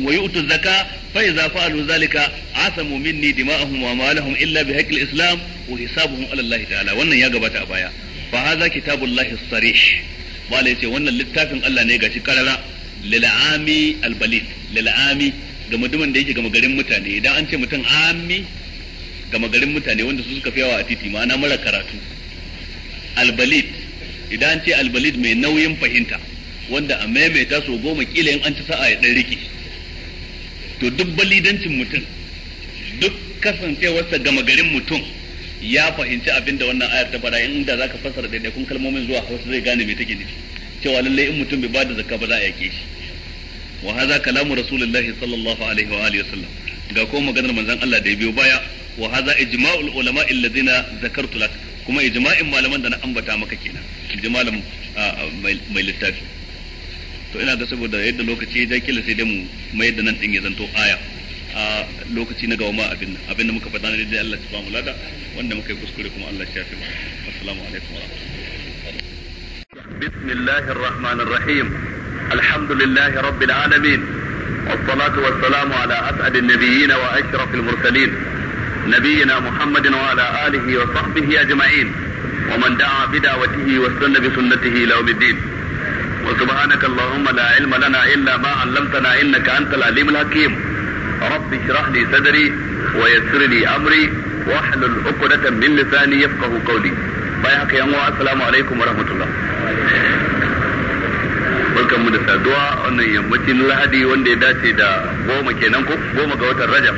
ويؤتوا الزكاة فإذا فعلوا ذلك عصموا مني دماءهم وأموالهم إلا بحق الإسلام وحسابهم على الله تعالى وأن يقبت أبايا فهذا كتاب الله الصريح wala ya ce wannan littafin Allah ne gashi karara lil'ami albalid lil'ami ga mutumin da yake gama garin mutane idan an ce mutum ami gama garin mutane wanda su suka fi yawa a titi ma'ana mara karatu albalid idan ce albalid mai nauyin fahimta wanda a maimaita so goma kila in an ci sa'a ya dan rike to duk balidancin mutum duk kasancewarsa gama garin mutum ya fahimci abin da wannan ayar ta fara inda zaka fassara kun kalmomin zuwa hausa zai gane me take nufi cewa lallai in mutum bai bada zakka ba za a yake shi wa hadha kalamu rasulullahi sallallahu alaihi wa alihi wasallam ga ko maganar manzon Allah da ya biyo baya wa hadha ijma'ul ulama alladhina zakartu lak kuma ijma'in malaman da na ambata maka kenan ijmalan ah, ah, mai littafi to ina da saboda yadda lokaci ya jakila sai dai mu mai da nan din ya zanto aya a ah, lokaci na gawama abin nan abin da muka faɗa ne da Allah ya ba mu lada wanda muka yi kuskure kuma Allah ya shafe mu assalamu alaikum wa rahmatullahi بسم الله الرحمن الرحيم الحمد لله رب العالمين والصلاة والسلام على أسعد النبيين وأشرف المرسلين نبينا محمد وعلى آله وصحبه أجمعين ومن دعا بدعوته واستنى بسنته إلى يوم الدين وسبحانك اللهم لا علم لنا إلا ما علمتنا إنك أنت العليم الحكيم رب اشرح لي صدري ويسر لي أمري واحلل عقدة من لساني يفقه قولي بايعك يا السلام عليكم ورحمة الله barkan mu da saduwa wannan yammacin lahadi wanda ya dace da goma kenan ko goma ga watan rajab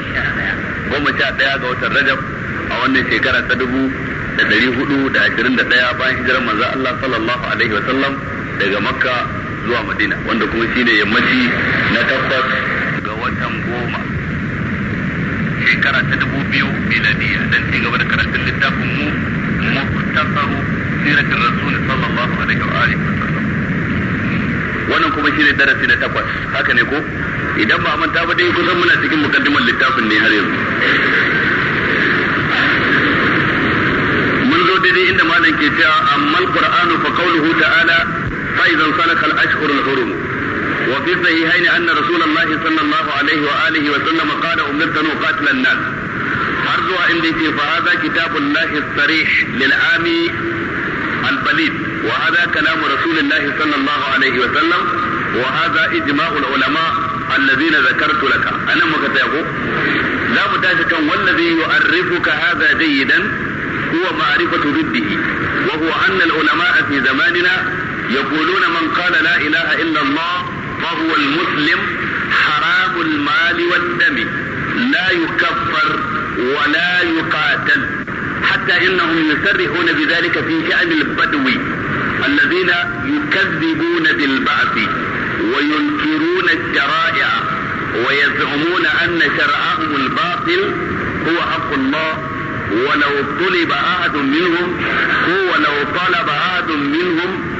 goma sha ɗaya ga watan rajab a wannan shekara ta dubu da ɗari hudu da ashirin da ɗaya bayan hijirar manzo Allah sallallahu alaihi wa sallam daga makka zuwa madina wanda kuma shine yammaci na tabbas ga watan goma shekara ta dubu biyu miladiya dan ci gaba da karatun littafin mu muktasaru siratul rasul sallallahu alaihi wa wa sallam wannan kuma shine darasi na takwas haka ne ko idan ba manta ba dai kusan muna cikin mukaddimar littafin ne har yanzu mun zo daidai inda malam ke cewa ammal qur'anu fa qawluhu ta'ala fa idan salakal ashhurul hurum wa fi sahihayn anna rasulullahi sallallahu alaihi wa alihi wa sallam qala umirtu an uqatila an-nas har zuwa inda yake fa hadha kitabullahi sarih lil ami al-balid وهذا كلام رسول الله صلى الله عليه وسلم وهذا إجماع العلماء الذين ذكرت لك أنا مكتئب لا متاسكا والذي يعرفك هذا جيدا هو معرفة ضده وهو أن العلماء في زماننا يقولون من قال لا إله إلا الله فهو المسلم حرام المال والدم لا يكفر ولا يقاتل حتى إنهم يسرحون بذلك في شأن البدوي الذين يكذبون بالبعث وينكرون الشرائع ويزعمون أن شرعهم الباطل هو حق الله ولو طلب أحد منهم هو لو طلب أحد منهم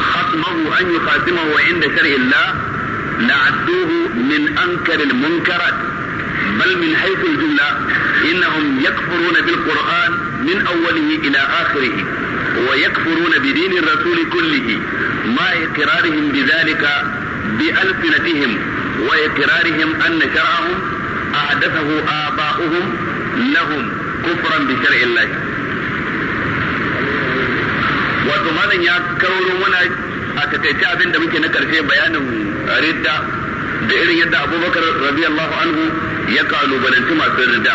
ختمه أن يخاتمه عند شرع الله لعدوه من أنكر المنكرات بل من حيث الجملة إنهم يكفرون بالقرآن من أوله إلى آخره wa yakfuruna bi dinir rasuli kullihi ma iqrarihim bidhalika bi alsinatihim wa iqrarihim anna shar'ahum ahdathahu aba'uhum lahum kufran bi shar'i Allah wato malam ya karoro muna a takaice abin da muke na karshe bayanin ridda da irin yadda abubakar radiyallahu anhu ya kalubalanci masu ridda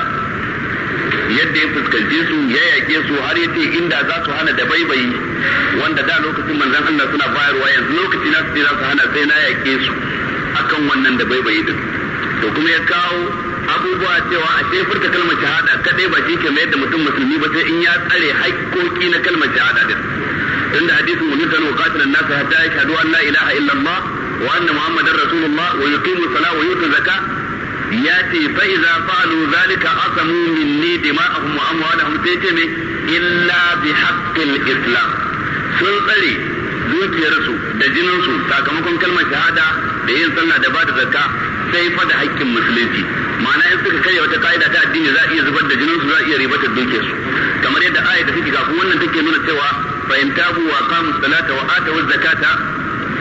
yadda ya fuskance su ya yake su har ya ce inda za su hana da baibayi wanda da lokacin manzon Allah suna bayarwa yanzu lokaci na su ce za su hana sai na yake su akan wannan da baibayi din to kuma ya kawo abubuwa cewa a sai furta kalmar shahada kadai ba shi ke mayar da mutum musulmi ba sai in ya tsare haƙƙoƙi na kalmar shahada din tunda hadisin wani tanu qatilan nas ya shaɗu an la ilaha illallah wa anna muhammadan rasulullah wa yuqimu salat wa ta zaka. ya ce fa iza fa'alu zalika asamu minni dima'ahum wa amwalahum sai ce ne illa bi haqqil islam sun tsare da jininsu sakamakon kalmar shahada da yin sallah da bada zakka sai fa da haƙƙin musulunci ma'ana in suka karya wata ka'ida ta addini za a iya zubar da su za a iya dukiyar su kamar yadda ayata take kafin wannan take nuna cewa fa in tabu wa qamu salata wa atu zakata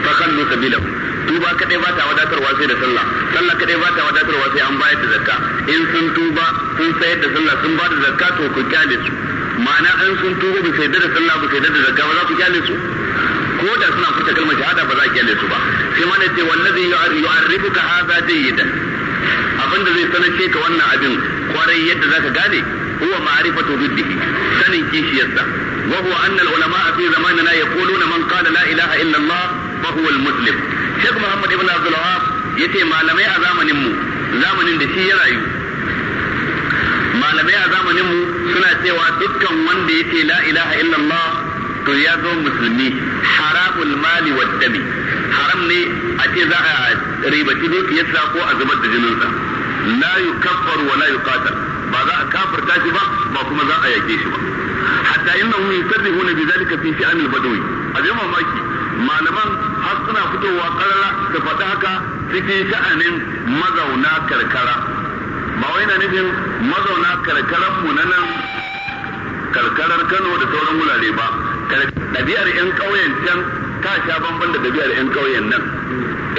fa khallu sabilahum tuba kadai ba ta wadatarwa sai da sallah sallah kadai ba ta wadatarwa sai an bayar da zakka in sun tuba sun sayar da sallah sun ba da zakka to ku kyale su ma'ana in sun tuba ba sai da sallah ba sai da zakka ba za ku kyale su ko da suna furta kalmar shahada ba za a kyale su ba sai ma da ce wallazi yu'arrifuka hadha jayyidan abinda zai sanace ka wannan abin kwarai yadda zaka gane huwa ma'rifatu biddihi sanin kishiyarsa wa huwa anna al-ulama fi zamanina yaquluna man qala la ilaha illa Allah fa huwa al ibn Abdul Wahhab malamai a zamanin zamanin da shi ya rayu malamai a zamanin mu suna cewa dukkan wanda yace la ilaha illallah to ya zo musulmi haramul haram ne a ce za a ribaci dukiyarsa ko a zubar da jininsa la yukaffar wa la yuqatal ba za a kafarta shi ba ba kuma za a yake shi ba hatta innahu yusarrihuna bi zalika a malaman har suna fitowa karara da faɗi haka cikin sha'anin mazauna karkara ba wai na nufin mazauna karkaran mu na nan karkarar Kano da sauran wurare ba ɗabi'ar 'yan ƙauyen can ta sha bamban da ɗabi'ar 'yan ƙauyen nan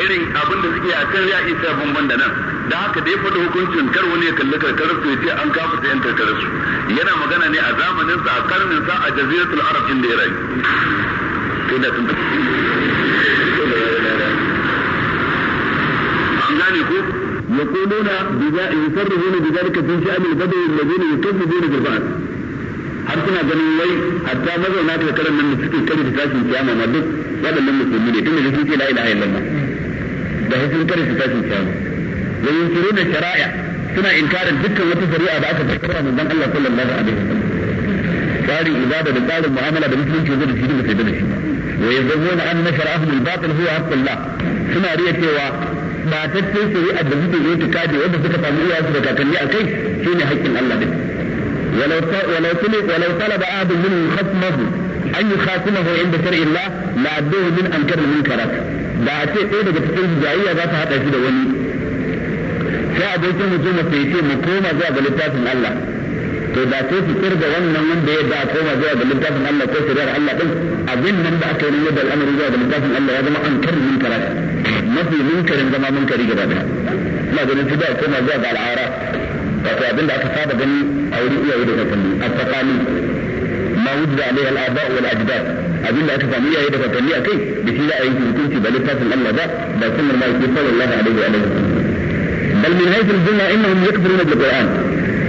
irin abin da suke a can ya isa bamban da nan da haka da ya faɗi hukuncin kar wani ya kalli karkarar su ya ce an kafa ta yan karkarar su yana magana ne a zamanin sa a karnin sa a jaziratul arab inda ya rayu gane ko يقولون بذا يصرفون بذلك في شأن البدو الذين يكذبون بالبعث har suna ganin wai hatta mazauna ta karan nan suke da tashin kiyama ma duk waɗannan musulmi ne tunda sun ce la ilaha illallah da sun karanta tashin kiyama wa yunsiruna shari'a suna inkarin dukkan wata shari'a da aka tabbata mun dan Allah sallallahu alaihi wasallam tsarin ibada da tsarin mu'amala da musulunci zai da shi da sai da shi wa yazmuna anna shar'ahum al-batil huwa haqqullah suna riya cewa ba tace shari'a da suke yi ta kade wanda suka samu iyayensu da kakanni a kai ne haƙƙin Allah din walau walau walau talaba ahadun minhum khatmahu an yukhatimahu inda shar'illah la adduhu min ankar munkarat da a ce ɗaya daga cikin jayayya za ta haɗa shi da wani sai abokin hukuma sai ce mu koma zuwa ga littafin Allah to da sai su kirga wannan wanda ya da koma zuwa ga littafin Allah ko shari'ar Allah din abin nan da aka yi yadda al'amari zuwa ga littafin Allah ya zama an kar mun karata mafi munkarin zama munkari gaba daya ina ganin su da koma zuwa ga al'ara wato abin da aka saba gani a wurin iyaye da kakanni a tsakani ma wujda alaihi al'aba wal ajdad abin da aka samu iyaye da kakanni a kai da shi za a yi hukunci ba littafin Allah ba ba sunnar ma'aikata sallallahu alaihi wa alihi bal min haythu al-jinna innahum yakfuruna bil-qur'an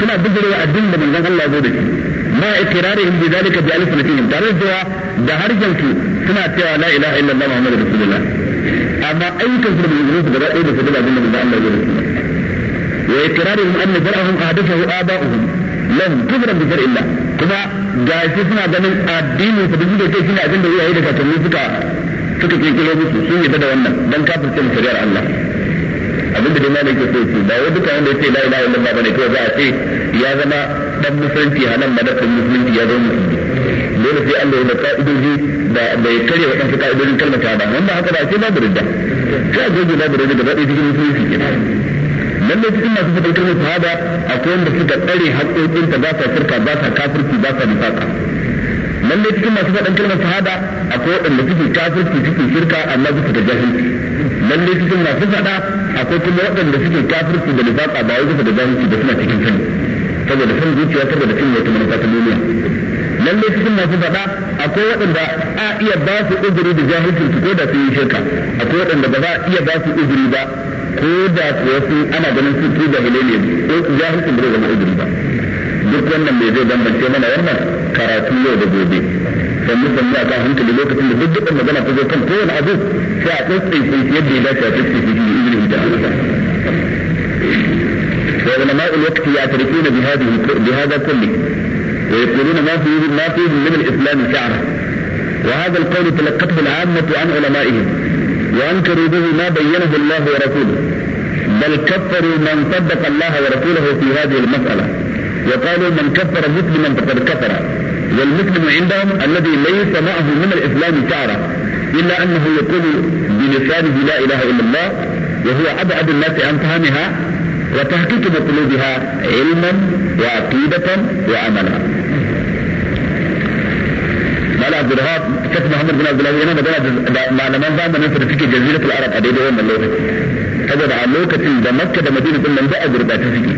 suna bijirewa addinin da manzon Allah ya zo da shi ma ikrarihim bi zalika bi alif alsinatihim tare da da harshen su suna cewa la ilaha illallah muhammadur rasulullah amma ayyukan su da manzon su gaba ɗaya da su da abin da manzon Allah ya zo da shi wa ikrarihim anna zar'ahum ahdathahu aba'uhum lam kubran bi far'illah kuma ga shi suna ganin addini su da suke kai shine abin da iyaye da kakanni suka suka kirkiro musu sun yi da wannan dan kafirce mu shari'ar Allah abin da dai ke so ce ba wai duka wanda yace la ilaha illallah bane kawai za a ce ya zama dan musulunci halan madafin musulunci ya zama musulunci dole sai Allah ya ka'idoji da bai kare waɗansu ka'idojin kalmar ta ba wanda haka ba sai babu ridda sai a goge babu ridda da ɗaya cikin musulunci lallai cikin masu fitar kalmar sahaba akwai wanda suka tsare haƙoƙinta ba sa shirka ba sa kafirci ba sa nifaka lallai cikin masu faɗin kalmar shahada akwai waɗanda suke kafirci cikin shirka amma su da jahilci lallai cikin masu faɗa akwai kuma waɗanda suke kafirci da nifaka ba wai da zahiri da suna cikin sani saboda san zuciya saboda cin wata manufa ta duniya lallai cikin masu faɗa akwai waɗanda a iya ba su uzuri da jahilcin ko da sun yi shirka akwai waɗanda ba za a iya ba su uzuri ba ko da kuwa sun ana ganin su su jahilai ne ko jahilcin ba zai zama uzuri ba duk wannan mai zai bambance mana wannan karatu yau da gobe dan mutum ya ta hankali lokacin da duk dukkan magana ta zo kan kowane abu sai a tsotsin sun yadda ya dace a tsotsin su yi ilimin da وعلماء الوقت يعترفون بهذه بهذا كله ويقولون ما فيه ما فيه من الاسلام شعره وهذا القول تلقته العامة عن علمائهم وانكروا به ما بينه الله ورسوله بل كفروا من صدق الله ورسوله في هذه المسألة وقالوا من كفر مسلما فقد كفر والمسلم عندهم الذي ليس معه من الاسلام شعره الا انه يقول بلسانه لا اله الا الله وهو ابعد الناس عن فهمها وتحقيق مطلوبها علما وعقيده وعملا. مال عبد الوهاب كتب محمد بن عبد الوهاب انا ما دام ما دام ما دام في جزيره العرب ابي دوم اللغه. هذا على لوكه ده مكه ده مدينه كلها ده اجر ده تفكي.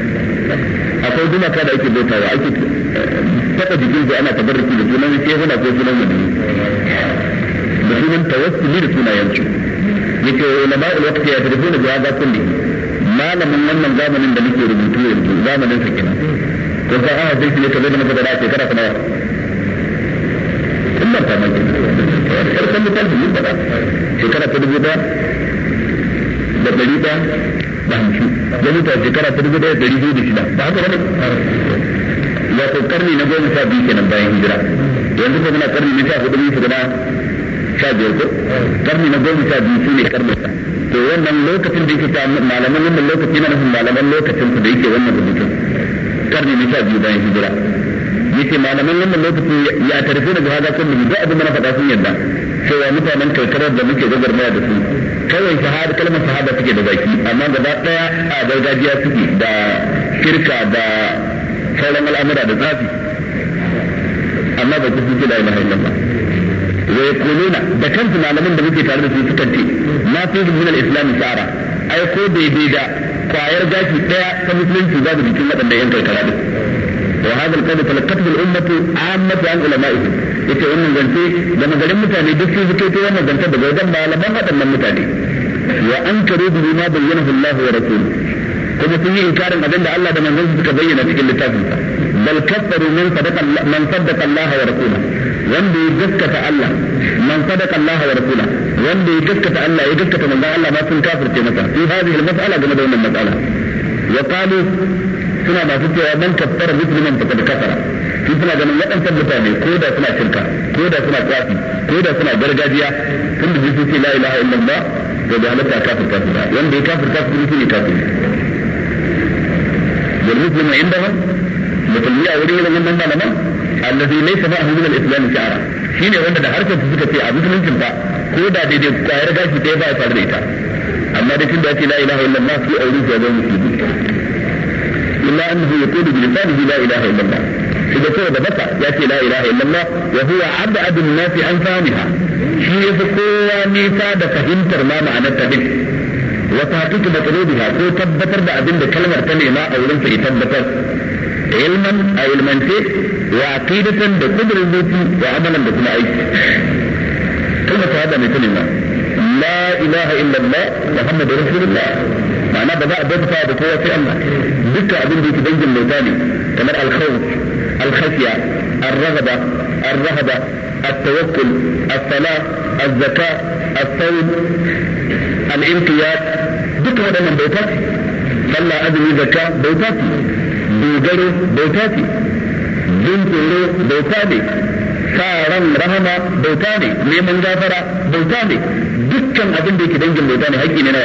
اقول دوما كان ايتي بوتا وايتي taɓa jikin su ana tabarruki da sunan shehuna ko sunan wani da sunan tawassuli da sunayensu yake ulama ulwaqti ya tarifuna bi hadha kulli malamin wannan zamanin da muke rubutu yanzu zamanin sa kenan ko sai ana sai ne kaza da muka da shekara kuma kullum ta mai karkan mutan da mun fada shekara ta dubu da da dari da da hamsin ya mutu shekara ta dubu da dari biyu da shida ba haka bane wato karni na goma sha biyu kenan bayan hijira yanzu ko muna karni na sha hudu mun shiga na sha biyar ko karni na goma sha biyu shine karni sa to wannan lokacin da yake ta malaman wannan lokaci na nufin malaman lokacin su da yake wannan rubutun karni na sha biyu bayan hijira yace malaman wannan lokacin ya tarfi daga hada kun duk abin da na faɗa sun yadda cewa mutanen karkarar da muke gagarmaya da su kawai shahada kalmar shahada take da baki amma gaba daya a gargajiya suke da shirka da sauran al'amura da zafi amma ba su suke la ilaha illallah wa yaquluna da kansu malamin da muke tare da su suka ce ma fi min al-islam sara ai ko daidai da kwayar gashi daya ta musulunci babu jikin waɗanda yan karkara din wa hadha al-qawl talaqqatu al-ummatu 'ammatu an ulama'ihim yace wannan zance da magarin mutane duk sun fito ta wannan zance daga wajen malaman waɗannan mutane wa an karu bi ma bayyana Allah wa rasuluhu kuma sun yi inkarin abin da Allah da manzon suka bayyana cikin littafin sa bal kafaru man sadaqa man sadaqa Allah wa rasula wanda ya gaskata Allah man sadaqa Allah wa rasula wanda ya gaskata Allah ya gaskata manzon Allah ma sun kafirce masa fi hadhihi al-mas'ala game da wannan mas'ala wa qalu suna masu cewa man kaffara musliman faqad kafara su suna ganin waɗansan mutane ko da suna shirka ko da suna tsafi ko da suna gargajiya tun da sun ce la ilaha illallah to da halatta kafir kafir ba wanda ya kafirta su ne kafiri والمسلم عندهم musulmi a wurin wajen nan malaman allazi laysa ba'hu min al a shi'ara shine wanda da harkar su suka ce a musuluncin ba ko da daidai kwayar gashi ɗaya ba ya faru da ita amma da tun da ake la ilaha su a wurin wajen musulmi illa annahu yaqulu bi lisanihi la ilaha illallah shi da kowa da baka ya ce la ilaha illallah wa huwa abadu an-nasi shi yafi kowa nisa da fahimtar ma wa taqiq matlubiha ko tabbatar da abin da kalmar ta nema a wurin ya tabbatar ilman a ilmance wa aqidatan da kudurin zuci wa amalan da kuma aiki kalmar shahada mai ta nema la ilaha illallah muhammadur rasulullah ma'ana ba za a bauta da kowa sai Allah dukkan abin da yake dangin bauta ne kamar alkhawf alkhashiya الرغبة الرهبة التوكل الصلاة الزكاة الصوم الانقياد duka waɗannan bauta ce sallah azumi zakka bauta ce dogaro bauta ce jin tsoro bauta ne sa ran rahama bauta ne neman gafara bauta ne dukkan abin da yake dangin bauta ne haƙƙi ne na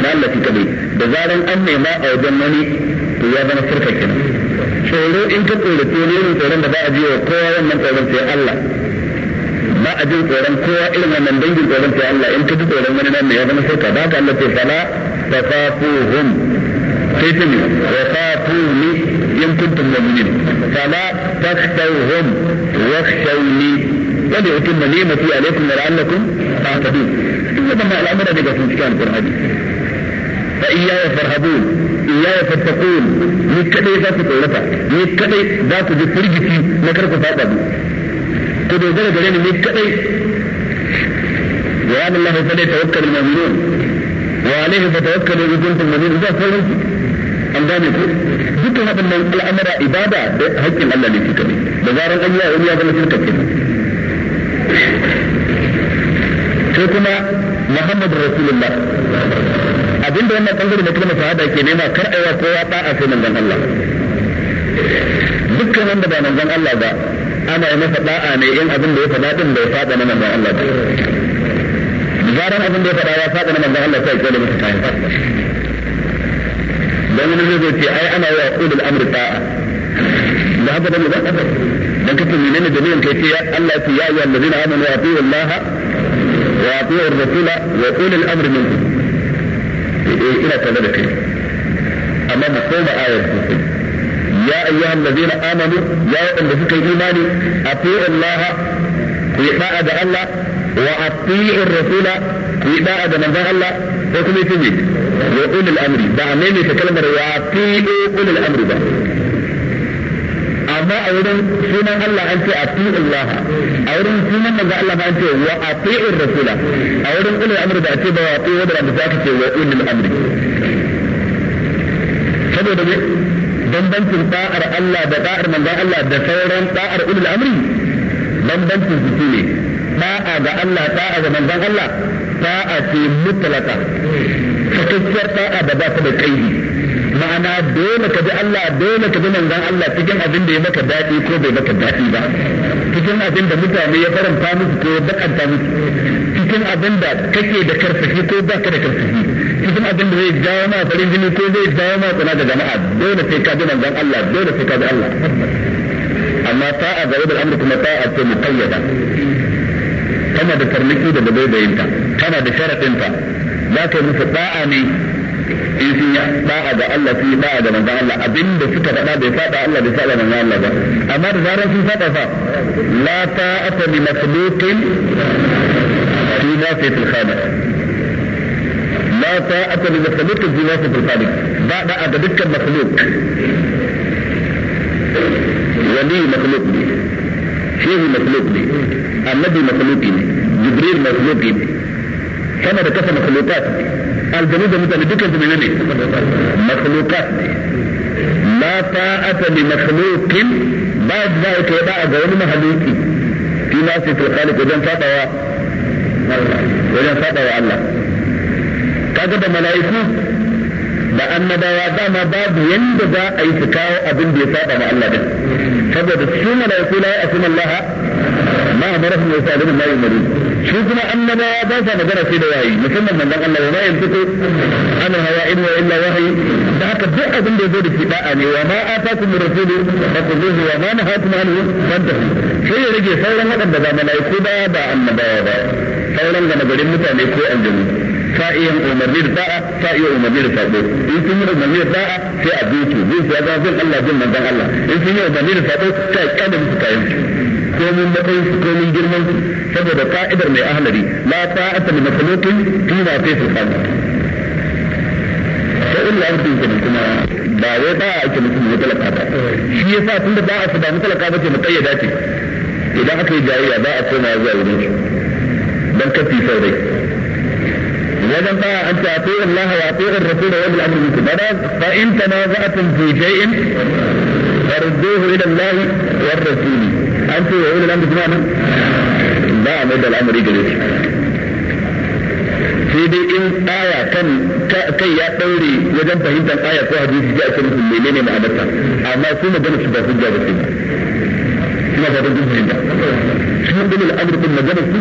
na Allah shi kadai da zaran an nema a wajen wani to ya zama shirka kenan tsoro in ka tsorace ne irin tsoron da ba a jiwa kowa wannan tsoron sai Allah ba a jin tsoron kowa irin wannan dangin tsoron sai Allah in ka ji tsoron wani nan ne ya zama shirka ba ka Allah sai fala فخافوهم فتنه وخافوني ان كنتم مؤمنين فلا تخشوهم واخشوني يعني ما في عليكم ولعلكم تعتدون انما الامر بك في مكان فرهدي فاياي فارهبون اياي فاتقون نتبعي ذات قولتا نتبعي ذات ذكرجتي نكرك فاتبعي كدو غير غير نتبعي وان الله فليتوكل المؤمنون وعليه فتوكل إن كنتم مؤمنين إذا فهمت an gane ko dukkan waɗannan al'amura ibada da haƙƙin Allah ne kika ne da zaran an yi wani ya zama wannan bangare na kalmar shahada ke nema kar aiwa kowa a sai manzon Allah dukkan wanda ba manzon Allah ba ana yi masa da'a ne in abin da ya faɗa din bai faɗa na manzon Allah ba zaran abin da ya faɗa ya faɗa na manzon Allah sai ya kyale masa kayan faɗa dan wani zai ce ai ana wa ulul amri ta'a da haka da ba dan kace menene dalilin kai ce Allah ya ce ya ayyuhal ladina amanu wa atiu Allah wa atiu ar-rasula wa ulul amri minkum ina tare da kai amma mu koma ayar sosai يا أيها الذين آمنوا يا أن بسك الإيمان أطيعوا الله ويقاعد الله wa ati'u rasula ku yi da'a da manzon Allah ko kuma yace ne wa ulul amri ba a ne ta kalmar wa ati'u ulul amri ba amma a wurin sunan Allah an ce a wurin sunan manzon Allah ma an ce wa a wurin ulul amri da ake ba wa ati'u da ba aka Allah da Allah da amri da'a ga Allah da'a ga manzon Allah da'a ce mutlaka cikakkiyar da'a da ba ta da kaidi ma'ana dole ka bi Allah dole ka bi manzon Allah cikin abin da ya maka daɗi ko bai maka daɗi ba cikin abin da mutane ya faranta musu ko ya bakanta musu cikin abin da kake da karfafi ko ba ka da karfafi cikin abin da zai jawo ma farin jini ko zai jawo ma tsana da jama'a dole sai ka bi manzon Allah dole sai ka bi Allah amma ta'a ga wadda al'amur kuma ta'a ce muqayyada tana da tarnaki da dabaibayinta tana da sharaɗinta za ka yi musu da'a ne in sun yi da'a ga Allah sun yi da'a ga manzon Allah da suka faɗa bai faɗa Allah bai faɗa manzon Allah ba amma da zarar sun faɗa fa la ta'ata li makhluqin fi nasiyatil khaliq la ta'ata li makhluqin fi nasiyatil khaliq ba da'a ga dukkan makhluq wani makhluq ne شيخ مخلوق دي النبي مخلوق دي جبريل مخلوق دي كما بكف مخلوقات دي الجنود مثل بكف من نبي مخلوقات دي ما طاعة لمخلوق بعد ما اتباع غير مخلوق في ناس في الخالق وجن فاطا و وجن فاطا الله كذب ملائكة بأن دواء ما بعد يندى أي سكاو أبن بيساطا مع الله بيه. saboda su malaiku la ya'tuna Allah ma amarahum wa yaf'aluna ma yu'marun shi kuma annabawa ba sa magana sai da wayi musamman manzon Allah wa ma yantiku an hawa in wa illa wahyi da haka duk abin da yazo da shi da'a ne wa ma atakum rasulu faquduhu wa ma nahakum anhu fantahu sai ya rage sauran waɗanda ba malaiku ba ba annabawa ba sauran ga nagarin mutane ko aljanu ta iya umarni da da'a ta iya umarni da sabo in sun yi umarni da da'a sai a bi su bin ya zama bin Allah bin manzon Allah in sun yi umarni da sabo sai a kyanda musu kayan su ko mun matsayin su ko mun girman su saboda ka'idar mai ahlari la ta'ata li makhluqin fi Sai fi sulhan sai in la'abdin kuma ba wai ba a ake mutum mutalaka ba shi yasa tunda ba a su ba mutalaka ba ce mutayyada ce idan aka yi jayayya ba a koma zuwa wurin shi don kafi sau dai إذا أنت أطيع الله وأطيع الرسول وأولي الأمر منكم فإن تنازعتم في شيء فردوه إلى الله والرسول أنت وأولي الأمر تماما لا مدى الأمر يجري sai dai in aya kan kai ya daure wajen fahimtar aya ko hadisi ji a cikin kullele ne ma'adarta amma su magana su ba hujja ba ce ina fatan kun fahimta shi ne al'amur din magana su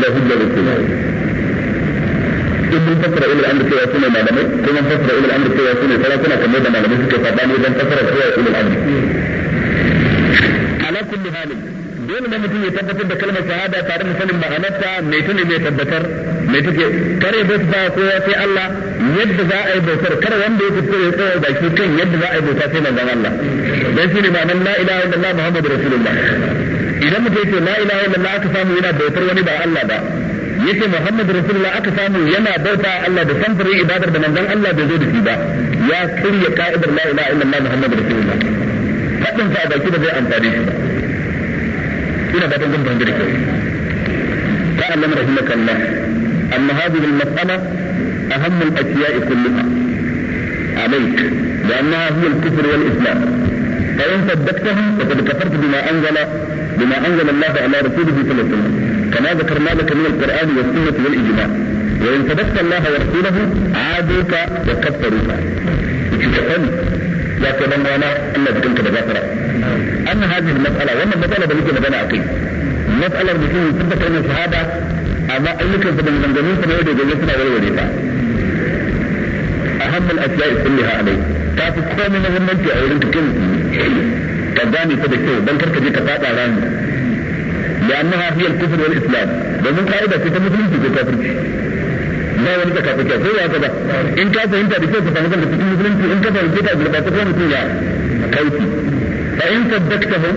ba hujja ba ce in mun fassara ulul amri cewa su ne malamai ko mun fassara ulul amri cewa su ne sarakuna kamar da malamai suke faɗa ne don fassara cewa ulul amri ala kulli halin dole ne mutum ya tabbatar da kalmar shahada tare da sanin ma'anarta mai tuni mai tabbatar me take kare bai ba kowa sai Allah yadda za a yi bautar kar wanda ya fito ya tsaya baki kan yadda za a yi bauta sai manzon Allah dan shine ma'anar la ilaha illallah muhammadur rasulullah idan mutum ya ce la ilaha illallah aka samu yana bautar wani ba Allah ba yace Muhammadu Rasulullah aka samu yana bauta Allah da samfurin ibadar da manzon Allah bai zo da shi ba ya kirya ka'idar la ilaha illallah Muhammadu Rasulullah fadin sa baki da zai amfani shi ba ina ba tan gumban da kai ta'allam rahimakallah anna hadhihi al-mas'ala أهم الأشياء كلها عليك لأنها هي الكفر والإسلام فإن صدقتها فقد كفرت بما أنزل بما أنزل الله على رسوله صلى الله عليه وسلم كما ذكرنا لك من القرآن والسنة والإجماع وإن صدقت الله ورسوله عادوك وكفروك وتتقل يا كبان وانا ألا بكم كبا اما هذه المسألة وما بدأنا بلوك بدأنا أقيم المسألة اللي بسيطة تبقى من الشهادة أما أيك فمن من جميع سنة ودي جميسنا ولا وليفا أهم الأشياء كلها عليه تاتي كومي نظر انت أولي تكلم ka gane ta da kyau dan karka je ka fada rami لأنها هي الكفر والإسلام domin ka'ida ce ta musulunci ko kafirci ba wani ta kafirci sai ya ka in ka fahimta da kyau ka samu kanka cikin musulunci in ka fahimta ta gurba ta mutum ya kaifi fa in ka saddaqtahu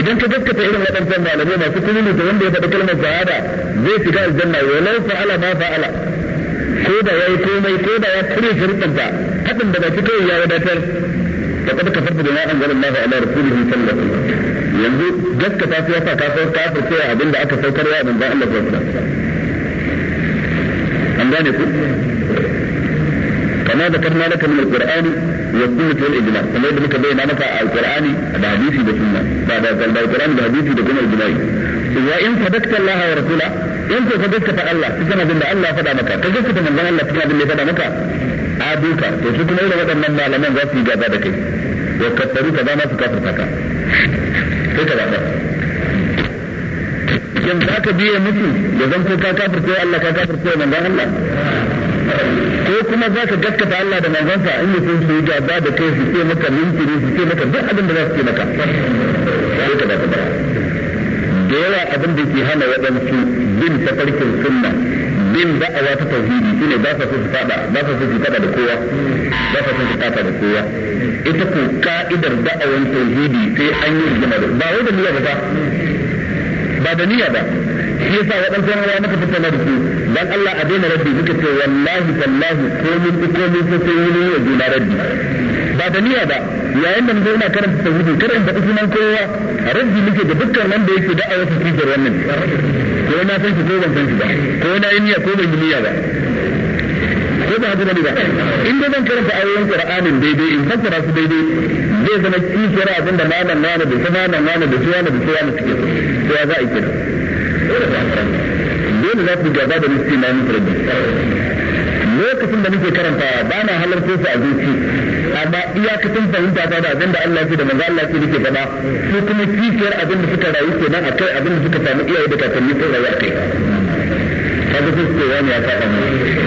idan ka gaskata irin waɗannan malamai masu kullu da wanda ya faɗi kalmar shahada zai shiga aljanna walau fa'ala ma fa'ala ko da yayi komai ko da ya kure shirkan ta hadin da baki kai ya wadatar فقد كفرت بما انزل الله على رسوله صلى الله عليه وسلم yanzu gaskata su yasa كافر كافر سوى cewa abin da aka saukarwa manzo Allah sallallahu alaihi wasallam كما ذكرنا لك من القرآن والسنة والإجماع كما يدل لك بين معنى القرآن بحديثي بسنة بعد القرآن بحديثي بكون الإجماع وإن صدقت الله ورسوله إن صدقت فالله تسمى ذنب الله فدع مكة تجسد من الله تسمى ذنب فدع مكة abuka to su kuma da waɗannan malaman za su yi gaba da kai Da kafaru ka za su kafarta ka sai ka zaɓa shin za ka biye musu da zan ko ka sai Allah ka sai manzan Allah ko kuma za ka gaskata Allah da manzonsa in yi sun yi gaba da kai su ce maka mintiri su ce maka duk abin da za su ce maka sai ka zaɓa da yawa abin da ke hana waɗansu bin tafarkin sunna bin da'awa ta tauhidi ne ba sa su fada ba sa su fada da kowa ba sa su fada da kowa ita ko ka'idar da'awan tauhidi sai an yi rigima da ba wai da niyya ba ba da niyya ba shi yasa waɗansu yan uwa muka tattauna da su dan Allah a daina rabbi muka ce wallahi tallahi ko mun ko mun so sai wani ya da rabbi ba da niyya ba yayin da muke yana karanta tauhidi karanta sunan kowa rabbi muke da dukkan wanda yake da'awar tafsirin wannan ko na san shi ko ban san shi ba ko na yi niyya ko ban yi niyya ba ko ba haka bane ba in dai zan karanta ayoyin qur'anin daidai in fassara su daidai zai zama kishiyar abinda malam na da kuma malam na da tuwa da tuwa da tuwa to ya za a yi kenan dole za ku gaba da nufi na mutarbi lokacin da muke karanta ba na halarta su a zuci amma iyakacin fahimta ta da abin da Allah ya da manzo Allah ya yake fada su kuma kifiyar abin da suka rayu kenan akai abin da suka samu iyaye da kakanni sun rayu akai kaga su ce wani ya faɗa mu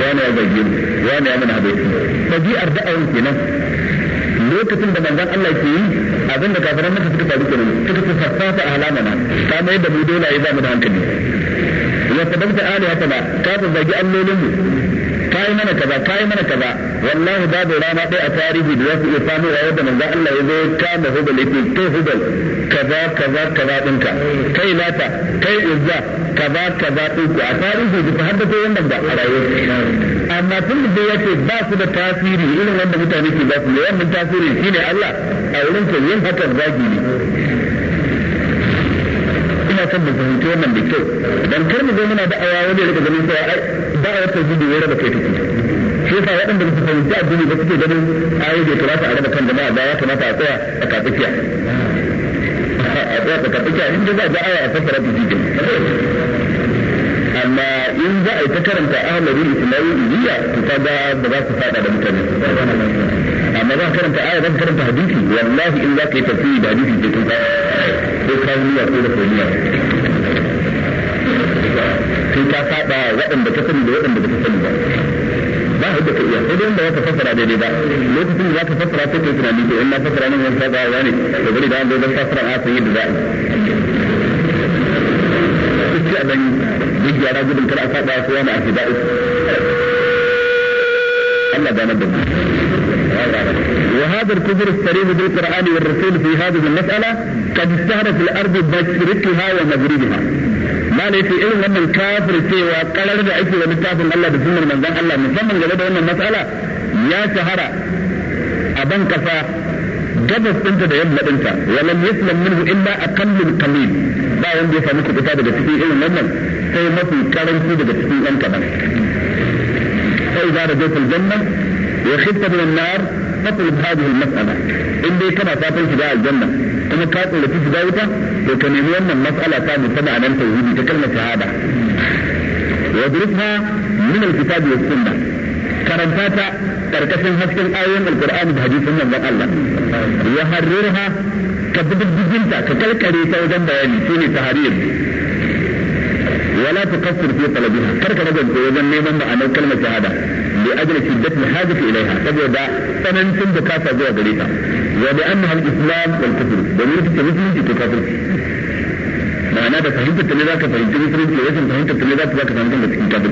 wani ya zage mu wani ya mana haɗe ɗabi'ar da'awun kenan lokacin da manzon Allah ke yi abin da kafiran masa suka faru kenan suka fi sassafa a halamana ta mai da mu dole ya zama da hankali Ya wa sababta aliyatana ka zagi allolinmu Ka yi mana kaza yi mana kaza wallahi babu rana ɗaya a tarihi da za su iya samu wa yadda manzo Allah ya zo kama hubal yake to hubal kaza kaza kaza ɗinka kai lata kai izza kaza kaza ɗinku a tarihi da ta haddace wannan ba a rayuwar amma tun da ya ce ba su da tasiri irin wanda mutane ke ba su da wannan tasiri shine Allah a wurin ko yin hakan zagi ne ina son mu fahimci wannan da kyau dan kar mu zo muna da awa wani daga ganin cewa ai ba a wata zubi wera da kai tuku shi yasa waɗanda su fahimci addini ba suke ganin ayoyi bai kamata a raba kan jama'a ba ya kamata a tsaya a kafikiya a tsaya a kafikiya in da za a ga aya a fassara ta jikin amma in za a yi ta karanta ahmadin islamu iliya to ta ga ba za su fada da mutane amma za ka karanta aya za ka karanta hadisi wallahi in za ka yi tafsiri da hadisi ke tun ko kawo niyya ko da kawo sai ka saba waɗanda ka sani da waɗanda ba ka sani ba ba hujja ka iya sai dai wanda zaka fassara daidai ba lokacin da zaka fassara sai kai tunani to in na fassara nan zan saba wa ne da bari da an zo zan fassara a san yadda za a yi sai a dan duk gyara gudun kar a saba ko wani a shiga uku Allah ba da وهذا الكفر الصريح بالقرآن والرسول في هذه المسألة قد اشتهر في الأرض بشرقها ومغربها malai ce irin wannan kafir cewa karar da ake wa littafin Allah da sunnar manzon Allah musamman game da wannan matsala ya shahara a ban kasa gabas ɗinta da yamma ɗinta walam yaslam minhu illa aqallun qalil ba wanda ya samu kubuta daga cikin irin wannan sai mafi karanci daga cikin ɗan kaɗan sai za da jaitul janna wa khifta min an-nar fatlub hadhihi al-mas'ala in dai kana fatan shiga aljanna kuma ka tsoraci shiga wuta to ka nemi wannan mas'ala ta mutaba nan tauhidi ta kalmar shahada wa durusha min alkitabi was sunna karanta ta karkashin hasken ayoyin alqur'ani da hadisin manzon Allah ya harrirha ka bibbijinta ka kalkare ta wajen bayani shine tahrir ولا تقصر في طلبها ترك رجل وزن نيمان معنى كلمة شهادة لأجل شدة الحاجة إليها تبدا فمن سن بكاسة جوا بريتا وبأنها الإسلام والكفر دليل التمثيل في الكفر معناه ده فهمت التلذات فهمت المسلم في فهمت التلذات ذاك فهمت الكفر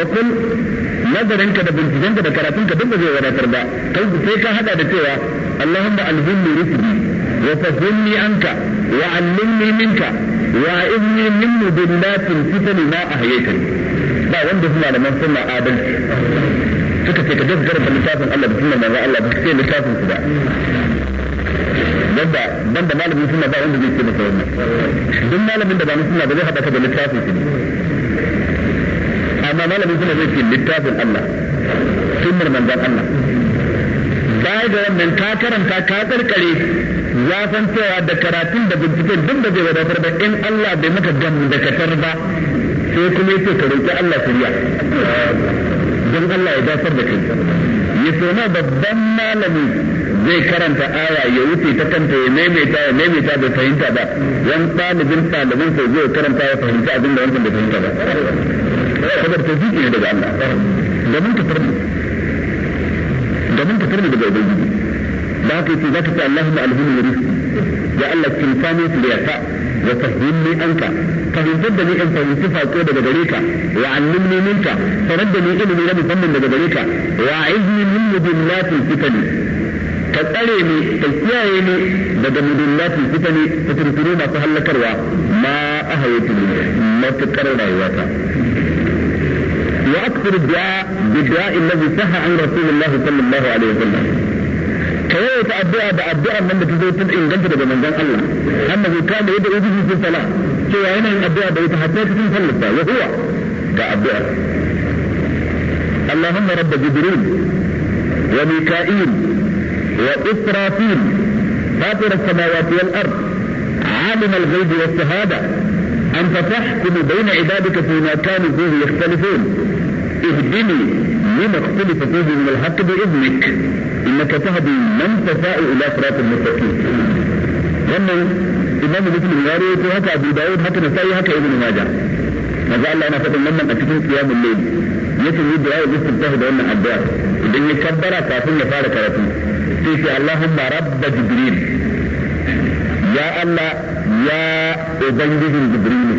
يقول nazarin ka da binciken ka da karatun ka duk ba zai wadatar ba kai sai ka hada da cewa Allahumma alhimni rusuli wa fahimni anka wa allimni wa inni min mudillatin ba wanda suna da man adalci suka ce ka je da karanta littafin Allah da sunan manzon Allah duk sai littafin su ba banda banda malamin sunna ba wanda zai ce maka wannan duk malamin da ba na sunna ba zai haɗa ka da littafin su amma malamin sunna zai ce littafin Allah sunnar manzon Allah baya da wannan ka karanta ka karkare ya san cewa da karatun da binciken duk da zai wadatar ba in Allah bai maka gam da kasar ba sai kuma yake ka roƙi Allah shirya don Allah ya dafar da kai ya soma babban malami zai karanta aya ya wuce ta kanta ya maimaita ya maimaita bai fahimta ba yan ɗalibin ɗaliban sai zai karanta ya fahimta abin da wancan bai fahimta ba saboda tafiki ne daga Allah domin ka da mun tafar tarbi daga ubangiji da haka za ka ce Allahumma alhumni rizqi ya Allah kin same su da yasa وتهدمني أنت فهددني أنت من كفا كودة جدريكا وعلمني منك فردني إلي من ربي فمن جدريكا وعذني من مدلات الفتن تتأليني تتياليني بدا مدلات الفتن تتركنون فهل كروا ما أهيتني ما تكرر أيواتا وأكثر الدعاء بالدعاء الذي سهى عن رسول الله صلى الله عليه وسلم ka yawaita addu'a da addu'an nan da ta zo tun inganta daga manzon Allah annabi kana yadda ubiji sun sala cewa yana yin addu'a da ita hatta cikin sallarsa ya huwa ga addu'a اللهم رب جبريل وميكائيل وإسرافيل فاطر السماوات والأرض عالم الغيب والشهادة أنت تحكم بين عبادك فيما كانوا فيه يختلفون اهدني لما اختلف فيه من الحق باذنك انك تهدي من تشاء الى صراط المستقيم. لما الامام مثل الغاري يقول هكا ابو داود هكا نسائي هكا ابن ماجه. ماذا الله انا فقط لما اتيتم قيام الليل. يسمى يدعى يستجتهد ان ادعى. اذن يكبر كافيا فارك رسول. في في اللهم رب جبريل. يا الله يا ابن جبريل.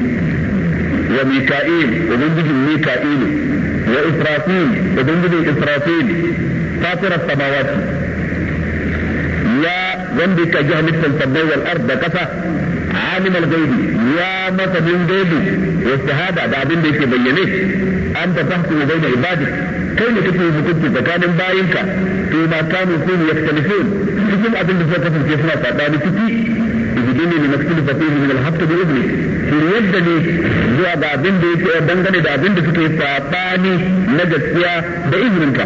وميكائيل ابن ميكائيل. وإسرافيل بدنجدي إسرافيل فاطر السماوات يا وندي كجهل السماء والأرض كفى عالم الغيب يا مثل الغيب والشهادة بعدين بيك بينيك أنت تحكم بين عبادك كيف تكون كنت تكان باينك فيما كانوا فيه يختلفون cikin abin da في kasance suna saɓani يهديني لما اختلف فيه من الحق بإذنه yadda ne zuwa ga abin da yake dangane da abin da suke sabani na gaskiya da izininka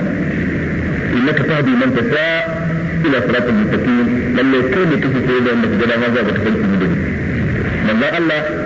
ka tahdi man tasha ila siratal mustaqim lalle kai ne kake koyar da wanda kaga dama zuwa ga tafarki da manzo Allah